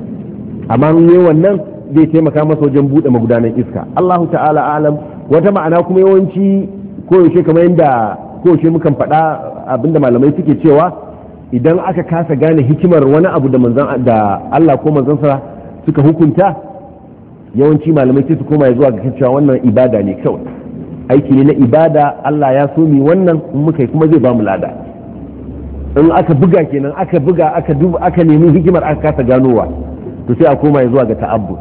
amma ne wannan zai taimaka masa wajen buɗe magudanan iska allahu ta'ala alam wata ma'ana kuma yawanci ko yaushe kamar yadda ko shi mukan faɗa abinda malamai suke cewa idan aka kasa gane hikimar wani abu da manzan da Allah ko manzansa suka hukunta yawanci malamai sai su koma zuwa ga cewa wannan ibada ne kawai aiki ne na ibada Allah ya so mi wannan in muka kuma zai ba mu lada in aka buga kenan aka buga aka duba aka nemi hikimar aka kasa ganowa to sai a koma zuwa ga ta'abbud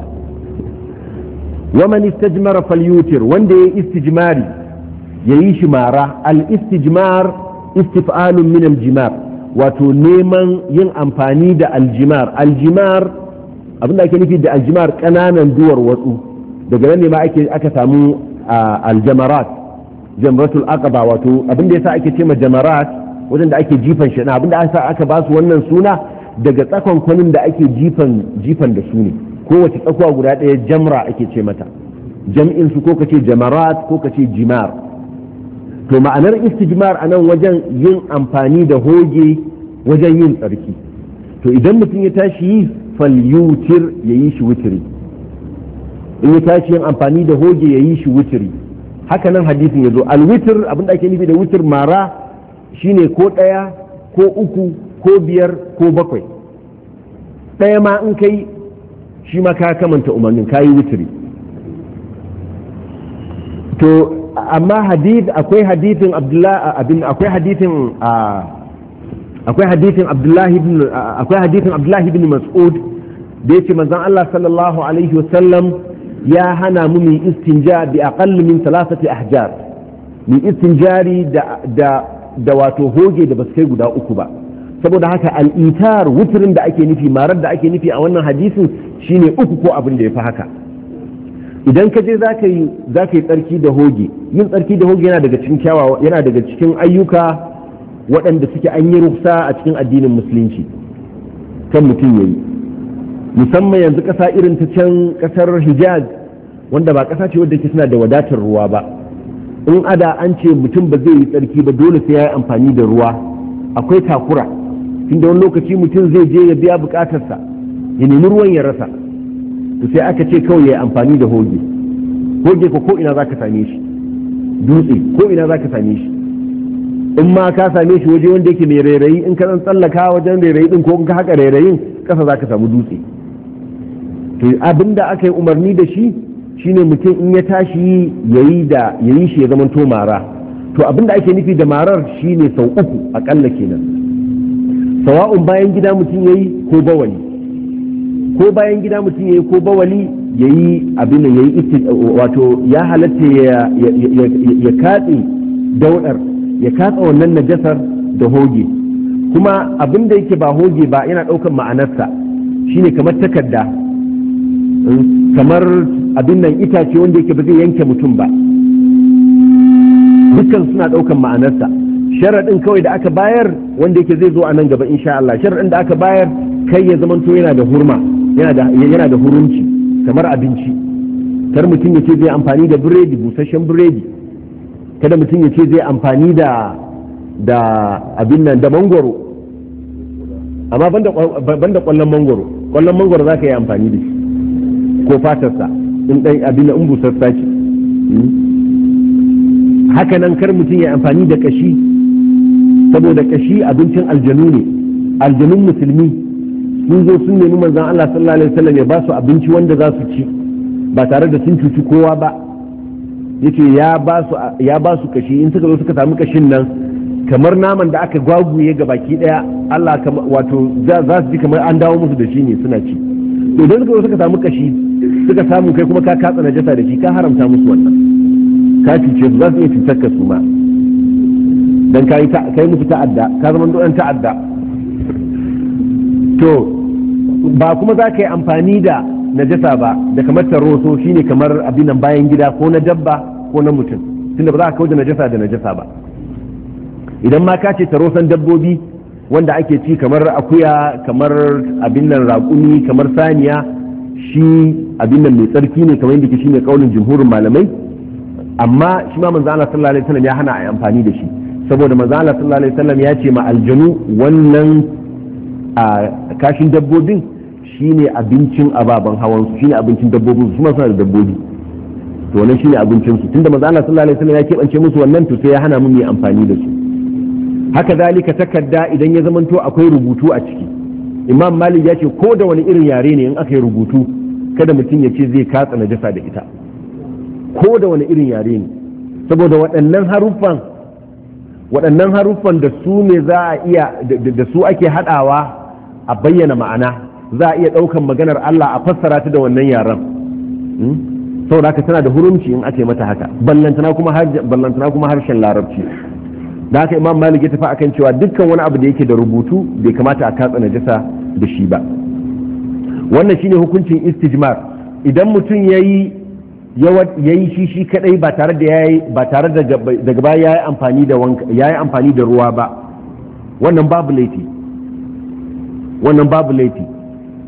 wa man istajmara falyutir wanda ya istijmari ya yi shi mara al-istijmar min al-jimar wato neman yin amfani da aljimar aljimar abinda ake nufi da aljimar kananan duwar watsu daga nan ne ma aka samu aljamarat jamratul aqaba wato abinda sa ake ce ma jamarat wajen da ake jifan shi abinda aka aka ba su wannan suna daga tsakon kwanin da ake jifan jifan da su ne kowace tsakuwa guda ɗaya jamra ake ce mata jam'in su ko kace jamarat ko kace jimar to ma'anar istijmar a nan wajen yin amfani da hoge wajen yin tsarki to idan mutum ya tashi yi falyutir ya yi shi wutiri in ya tashi yin amfani da hoge ya yi shi wutiri haka nan hadisin ya zo alwitir abinda ake nufi da wutir mara shine ko ɗaya ko uku ko biyar ko bakwai ɗaya ma in kai shi ma ka kamanta umarnin ka yi wutiri to amma hadith akwai hadithin abdullahi akwai hadithin akwai hadithin abdullahi ibn akwai hadithin abdullahi ibn mas'ud da yake manzon Allah sallallahu alaihi wasallam ya hana mu min istinja bi aqall min thalathati ahjar min istinjari da da da wato hoge da basu kai guda uku ba saboda haka al'itar wuturin da ake nufi marar da ake nufi a wannan hadisin shine uku ko abin da ya fi haka idan ka je za ka yi tsarki da hoge yin tsarki da hoge yana daga cikin daga cikin ayyuka waɗanda suke an yi rufsa a cikin addinin musulunci kan mutum ya yi musamman yanzu ƙasa irin ta can ƙasar hijaz wanda ba ƙasa ce wadda ke suna da wadatar ruwa ba in ada an ce mutum ba zai yi tsarki ba dole sai ya yi amfani da ruwa akwai takura da wani lokaci mutum zai je ya biya buƙatarsa ya nemi ruwan ya rasa to sai aka ce kawai ya yi amfani da hoge hoge ko ina za ka same shi dutse ko ina za ka same shi in ma ka same shi waje wanda yake mai rairayi in ka zan tsallaka wajen rairayi din ko in ka haka rairayin kasa za ka samu dutse to abin da aka yi umarni da shi shine mutum in ya tashi yayi da yayi shi ya zamanto mara to abin da ake nufi da marar shine sau uku akalla kenan sawa'un bayan gida mutum ya yi ko bawani ko bayan gida mutum yayi ko bawali yayi abin da yayi wato ya halatta ya katse daudar ya katsa wannan najasar da hoge kuma abin da yake ba hoge ba yana ɗaukar ma'anarsa shine kamar takarda hmm, kamar abin nan itace wanda yake ba zai yanke mutum ba dukkan suna ɗaukan ma'anarsa sharaɗin kawai da aka bayar wanda yake zai zo a nan gaba insha Allah sharaɗin da aka bayar kai ya zamanto yana da hurma yana da hurunci kamar abinci kar mutum ya ce zai amfani da biredi busasshen biredi kada mutum ya ce zai amfani da da abin nan da mangoro amma banda kwallon mangoro kwallon mangoro za ka yi amfani da shi ko fatarsa in ɗan abin in busassa ce hmm? haka nan kar mutum ya amfani da kashi saboda kashi abincin aljanu ne aljanun musulmi sun zo sun nemi manzan Allah sallallahu alaihi wasallam ya ba su abinci wanda za su ci ba tare da sun cuci kowa ba yace ya ba su ya ba su kashi in suka zo suka samu kashin nan kamar naman da aka gwaguye ga baki daya Allah wato za su ji kamar an dawo musu da shi ne suna ci to idan suka zo suka samu kashi suka samu kai kuma ka katsa najasa da shi ka haramta musu wannan ka cuce su za su iya cutar ka su ma dan kai musu ta'adda ka zama dan ta'adda to ba kuma za ka yi amfani da najasa ba da kamar taroso shine kamar abinan bayan gida ko na dabba ko na mutum tunda ba za ka na najasa da najasa ba idan ma ka ce tarosan dabbobi wanda ake ci kamar akuya kamar abinan raƙumi kamar saniya shi abinan mai tsarki ne kamar yadda shine kaunin jumhurin malamai amma shi ma manzo Allah sallallahu alaihi wasallam ya hana a yi amfani da shi saboda manzo Allah sallallahu alaihi wasallam ya ce ma aljanu wannan a kashin dabbobin shine abincin ababen hawan su shine abincin dabbobin su ma suna da dabbobi to wannan shine abincin su tunda manzo Allah sallallahu alaihi wasallam ya kebance musu wannan to sai ya hana mu mu amfani da su haka zalika takarda idan ya zamanto akwai rubutu a ciki imam malik ya ce ko da wani irin yare ne in aka yi rubutu kada mutum ya ce zai katsa najasa da ita ko da wani irin yare ne saboda waɗannan haruffan waɗannan haruffan da su ne za a iya da su ake haɗawa a bayyana ma'ana za a iya ɗaukan maganar Allah a fassara ta da wannan yaren hmm? saboda haka tana da hurumci in ake mata haka ballantana kuma harshen larabci da haka imam malik ya tafi akan cewa dukkan wani abu da yake da rubutu bai kamata a katsa najasa da shi ba wannan shine hukuncin istijmar idan mutum yayi yayi shi shi kadai ba tare da yayi ba tare daga baya yayi amfani da amfani da ruwa ba wannan babu laifi wannan babu laifi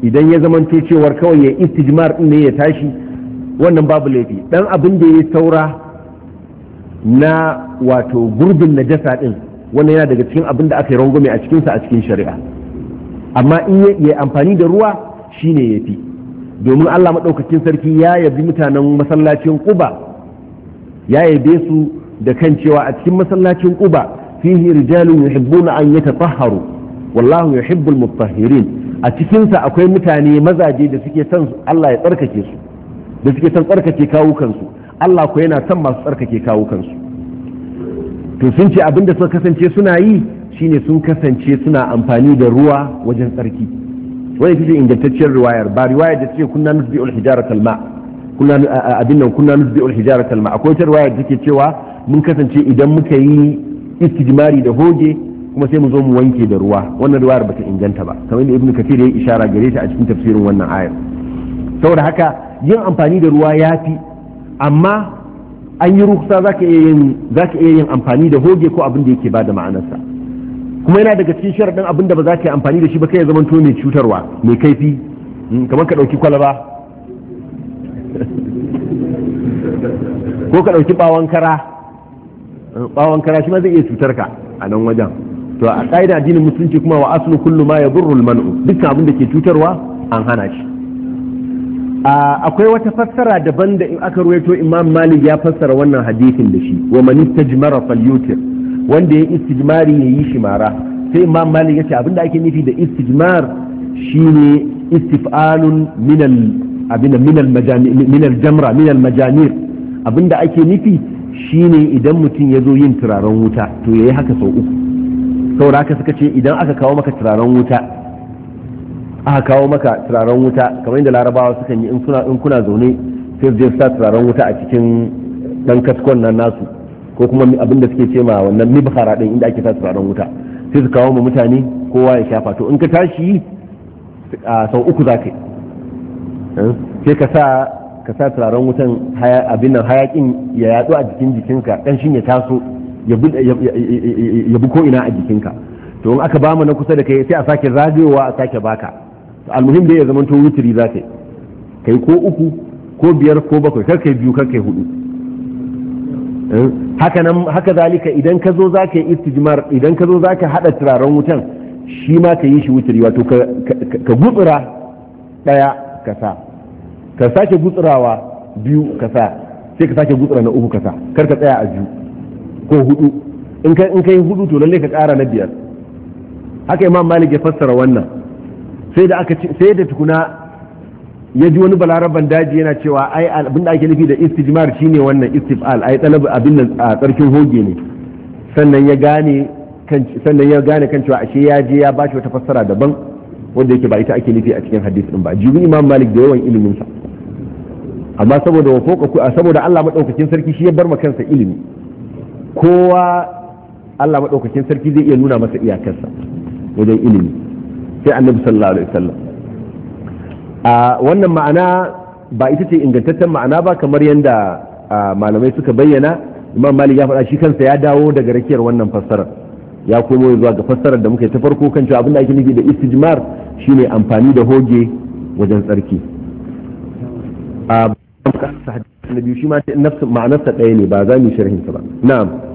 idan ya zamanto cewar kawai ya istijmar ne ya tashi wannan babu laifi dan abin da ya saura na wato gurbin najasa din wannan yana daga cikin abin da aka yi rangume a cikinsa a cikin shari'a amma in ya amfani da ruwa shine ya fi domin allah maɗaukacin sarki ya yabi mutanen masallacin ƙuba ya yabe su da kan cewa a cikin masallacin ƙuba fihi rijalun yuhibbuna an yatatahharu wallahu yuhibbul mutahhirin a cikinsa akwai mutane mazaje da suke son Allah ya tsarkake su da suke son tsarkake kawukansu Allah ko yana son masu tsarkake kawukansu to sun ce abinda suka kasance suna yi shine sun kasance suna amfani da ruwa wajen tsarki wani ita ingantacciyar riwayar ba riwayar da ce kunna nusbi ul hijarat al ma kunna abin nan kunna nusbi ul hijarat al ma akwai ta riwayar da take cewa mun kasance idan muka yi istijmari da hoge kuma sai mu zo mu wanke da ruwa wannan ruwayar ta inganta ba kamar da ibnu kathir yayi ishara gare ta a cikin tafsirin wannan ayar saboda haka yin amfani da ruwa yafi amma an yi ruksa zaka iya yin zaka iya yin amfani da hoge ko abin da yake bada ma'anarsa kuma yana daga cikin sharadin abin da ba za ka yi amfani da shi ba kai ya zama to mai cutarwa mai kaifi hmm, kamar ka dauki kwalaba ko ka dauki bawon kara bawon hmm, kara shi ma zai iya cutar ka a nan wajen to a ƙa'ida addinin musulunci kuma wa aslu kullu ma yadurru al-man'u dukkan abin da ke cutarwa an hana shi akwai wata fassara daban da in aka ruwaito imam malik ya fassara wannan hadisin da shi wa man istajmara falyutir wanda ya istijmari ya yi shi mara sai imam malik ya ce da ake nufi da istijmar shine istif'alun min al abin min al majami min al jamra min al majanir abinda ake nufi shine idan mutum ya zo yin turaren wuta to yayi haka sau uku saboda haka suka ce idan aka kawo maka turaren wuta aka kawo maka turaren wuta kamar yadda larabawa suka yi in suna in kuna zaune sai su je sa turaren wuta a cikin dan kaskon nan nasu ko kuma abin da suke ce ma wannan mibhara din inda ake sa turaren wuta sai su kawo ma mutane kowa ya shafa to in ka tashi a sau uku za ka eh? sai ka sa ka sa turaren wutan abin nan hayakin ya yadu a jikin jikinka dan shin ya taso ya bi ko ina a jikinka to in aka bamu na kusa da kai sai a sake zagayowa a sake baka almuhim dai ya zama to wutiri za ka kai ko uku ko biyar ko bakwai kar kai biyu kar kai hudu eh, haka nan haka zalika idan ka zo za ka yi istijmar idan ka zo za ka hada turaren wutan shi ma ka yi shi wutiri wato ka gutsura daya ka sa ka sake gutsurawa biyu ka sa sai ka sake gutsura na uku ka sa kar ka tsaya a biyu ko hudu in kai in kai hudu to lalle ka ƙara na biyar haka imam malik ya fassara wannan sai da aka sai da tukuna ya ji wani balaraban daji yana cewa ai abin da ake nufi da istijmar shine wannan istifal ai talab abin nan a tsarkin hoge ne sannan ya gane kan sannan ya gane kan cewa ashe ya je ya bashi wata fassara daban wanda yake ba ita ake nufi a cikin hadisi din ba jibi imam malik da yawan iliminsa sa amma saboda wa saboda Allah madaukakin sarki shi ya bar ma kansa ilimi kowa Allah maɗaukakin sarki zai iya nuna masa iyakarsa wajen ilimi sai annabi sallallahu alaihi wasallam a wannan ma'ana ba ita ce ingantaccen ma'ana ba kamar yadda malamai suka bayyana imam malik ya faɗa shi kansa ya dawo daga rakiyar wannan fassarar ya komo zuwa ga fassarar da muka yi ta farko kan cewa abin da ake nufi da istijmar shine amfani da hoge wajen tsarki a na biyu shi ma ma'anarsa ɗaya ne ba za mu yi sharhinsa ba na'am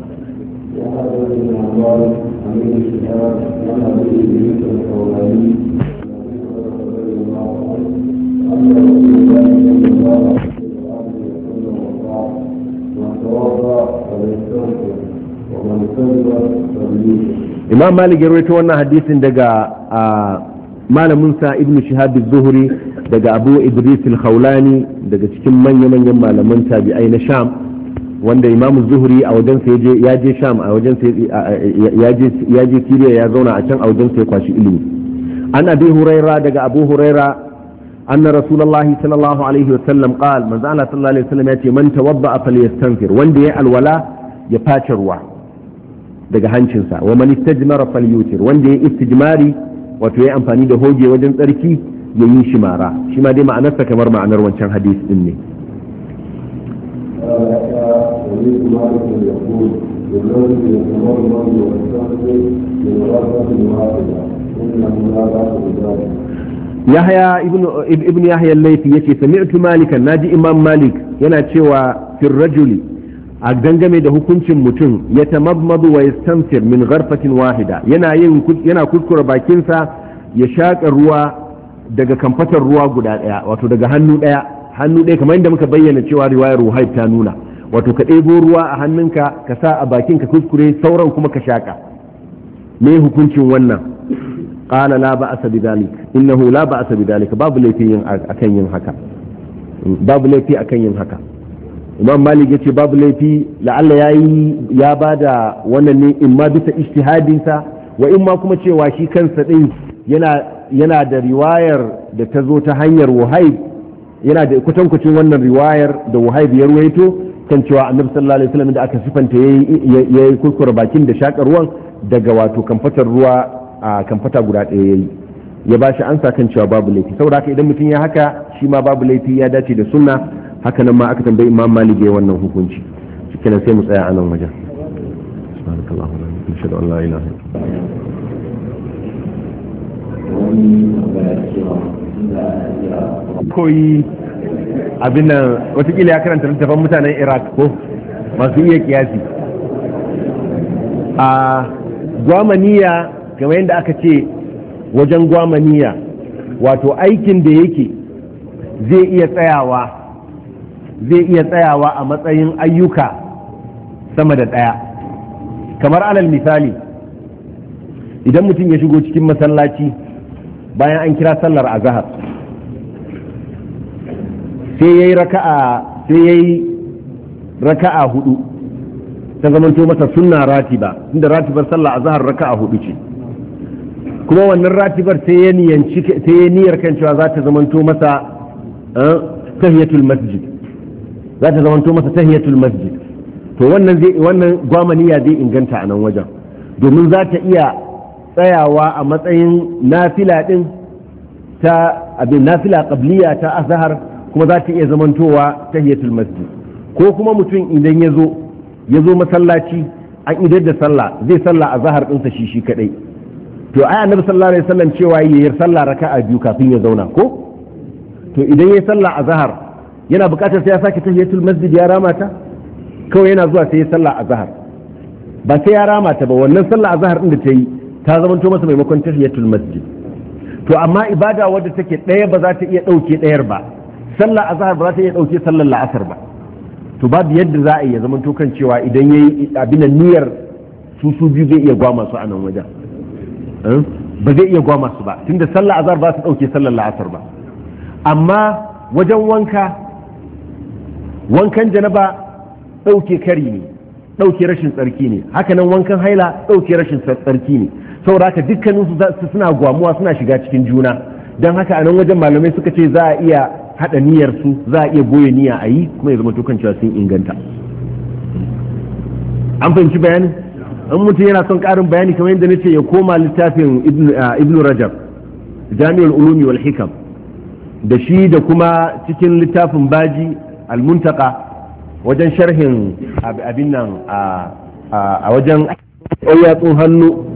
imam malik ya rawaito wannan hadisin daga malamin sa ibnu shihab az-zuhri daga abu idris al-khawlani daga cikin manya-manyan malaman tabi'ai na sham wanda imamu zuhuri a wajen sa ya je sham a wajen sa ya je siriya ya zauna a can a wajen sa ya kwashi ilimi an abi huraira daga abu huraira anna rasulullahi sallallahu alaihi wa sallam qal manzo Allah sallallahu alaihi wa sallam yace man tawadda falyastanfir wanda ya alwala ya face ruwa daga hancinsa wa man istajmara falyutir wanda ya istijmari wato ya amfani da hoge wajen tsarki ya yi shimara. Shima shi ma dai ma'anarsa kamar ma'anar wancan hadisi din ne yahya ibn yahya al-laifi yace sami'tu malikan naji imam malik yana cewa fil rajuli a dangame da hukuncin mutum ya tamammadu wa yastansir min gharfatin wahida yana yin yana kuskura bakinsa ya shaƙa ruwa daga kamfatar ruwa guda ɗaya wato daga hannu ɗaya hannu ɗaya kamar yadda muka bayyana cewa riwayar ruhaib ta nuna wato ka ɗebo ruwa a hannunka ka sa a bakin ka kuskure sauran kuma ka shaƙa me hukuncin wannan qala la ba'asa bidalik innahu la ba'asa bidalik babu laifi yin akan yin haka babu laifi akan yin haka imam malik yace babu laifi la'alla yayi ya bada wannan ne in ma bisa ijtihadin sa wa in ma kuma cewa shi kansa din yana yana da riwayar da ta zo ta hanyar wahayb yana da kutankucin wannan riwayar da wahayb ya ruwaito kan cewa annabi sallallahu alaihi wasallam da aka sifanta yayi kuskure bakin da shakar ruwan daga wato kamfatar ruwa a kamfata guda ɗaya yayi ya ba shi ansa kan cewa babu laifi saboda haka idan mutum ya haka shi ma babu laifi ya dace da sunna haka nan ma aka tambayi imam malik wannan hukunci shikenan sai mu tsaya a nan wajen subhanakallahu wa bihamdika la ilaha illa koyi abin nan watakila ya karanta littafan mutanen iraq ko masu iya kiyasi a gwamaniya kamar yadda aka ce wajen gwamaniya wato aikin da yake zai iya tsayawa zai iya tsayawa a matsayin ayyuka sama da ɗaya kamar alal misali idan mutum ya shigo cikin masallaci bayan an kira sallar azahar sai yayi raka'a sai raka'a hudu ta zamanto masa sunna ratiba inda ratibar sallah azhar raka'a hudu ce kuma wannan ratibar sai ya niyanci niyar kan cewa za ta zamanto masa eh, tahiyatul masjid za ta zamanto masa tahiyatul masjid to wannan zai wannan gwamaniya zai inganta a nan wajen domin za ta iya tsayawa a matsayin nafila din ta abin nafila qabliya ta azhar kuma za ta iya zamantowa ta tahiyatul masjid ko kuma mutum idan ya zo ya zo masallaci an idar da sallah zai sallah a zahar ɗinsa shi shi kaɗai to ai annabi sallah alaihi wasallam cewa ya yi sallah raka a biyu kafin ya zauna ko to idan yi sallah a zahar yana buƙatar sai ya sake tahiyatul masjid ya rama kawai yana zuwa sai ya sallah a zahar ba sai ya rama ba wannan sallah a zahar ɗin da ta yi ta zamanto masa maimakon ta tahiyatul masjid to amma ibada wadda take ɗaya ba za ta iya ɗauke ɗayar ba sallar azhar ba za ta iya dauke sallar la'asar ba to babu yadda za a yi ya zama kan cewa idan yayi abin niyyar su su biyu zai iya gwama su a nan wajen eh? ba zai iya gwama su ba tunda sallar azhar ba ta dauke sallar la'asar ba amma wajen wanka wankan janaba dauke kari ne dauke rashin tsarki ne hakanan wankan haila dauke rashin tsarki ne saboda haka dukkaninsu suna gwamuwa suna shiga cikin juna don haka a nan wajen malamai suka ce za a iya haɗa su za a iya goya niyya a yi kuma ya zama tukan cewa sun inganta an fahimci bayani an mutum yana son ƙarin bayani kamar yadda nace ya koma littafin ibnu uh, rajab jami'ul ulumi wal hikam da shi da kuma cikin littafin baji almuntaka wajen sharhin abin nan a wajen oh, yatsun hannu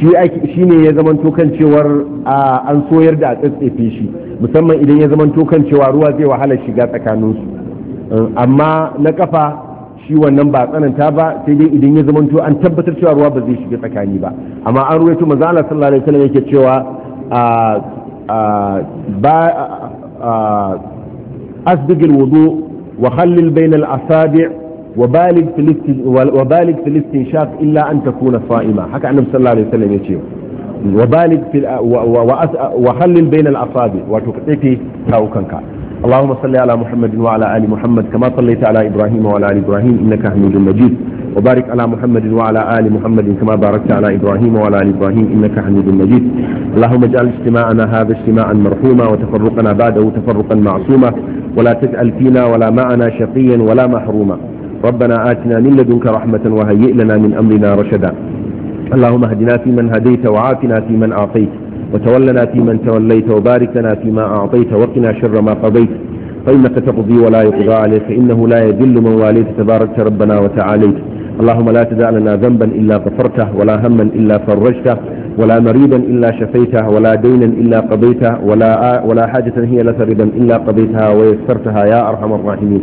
shi ne ya zamanto kan cewar an soyar da a tsatsefe shi musamman idan ya zamanto kan cewa ruwa zai wahala shiga tsakanin su eh, amma na kafa shi wannan ba tsananta ba sai dai idan ya zamanto an tabbatar cewa ruwa ba zai shiga tsakani ba amma an ruwaito manzo Allah sallallahu alaihi wasallam yake cewa ba asbigil wudu wa khallil bainal asabi' وبالغ في وبالغ في الاستنشاق إلا أن تكون صائما حكى عن النبي صلى الله عليه وسلم شيخ. وبالغ في وحلل بين الأصابع وتقطعك كوكنك اللهم صل على محمد وعلى آل محمد كما صليت على إبراهيم وعلى آل إبراهيم إنك حميد مجيد وبارك على محمد وعلى آل محمد كما باركت على إبراهيم وعلى آل إبراهيم إنك حميد مجيد اللهم اجعل اجتماعنا هذا اجتماعا مرحوما وتفرقنا بعده تفرقا معصوما ولا تجعل فينا ولا معنا شقيا ولا محروما ربنا آتنا من لدنك رحمة وهيئ لنا من أمرنا رشدا اللهم اهدنا فيمن هديت وعافنا فيمن أعطيت وتولنا فيمن توليت وبارك لنا فيما أعطيت وقنا شر ما قضيت فإنك تقضي ولا يقضى عليك فإنه لا يذل من واليت تبارك ربنا وتعاليت اللهم لا تدع لنا ذنبا إلا غفرته ولا هما إلا فرجته ولا مريضا إلا شفيته ولا دينا إلا قضيته ولا, ولا حاجة هي لك إلا قضيتها ويسرتها يا أرحم الراحمين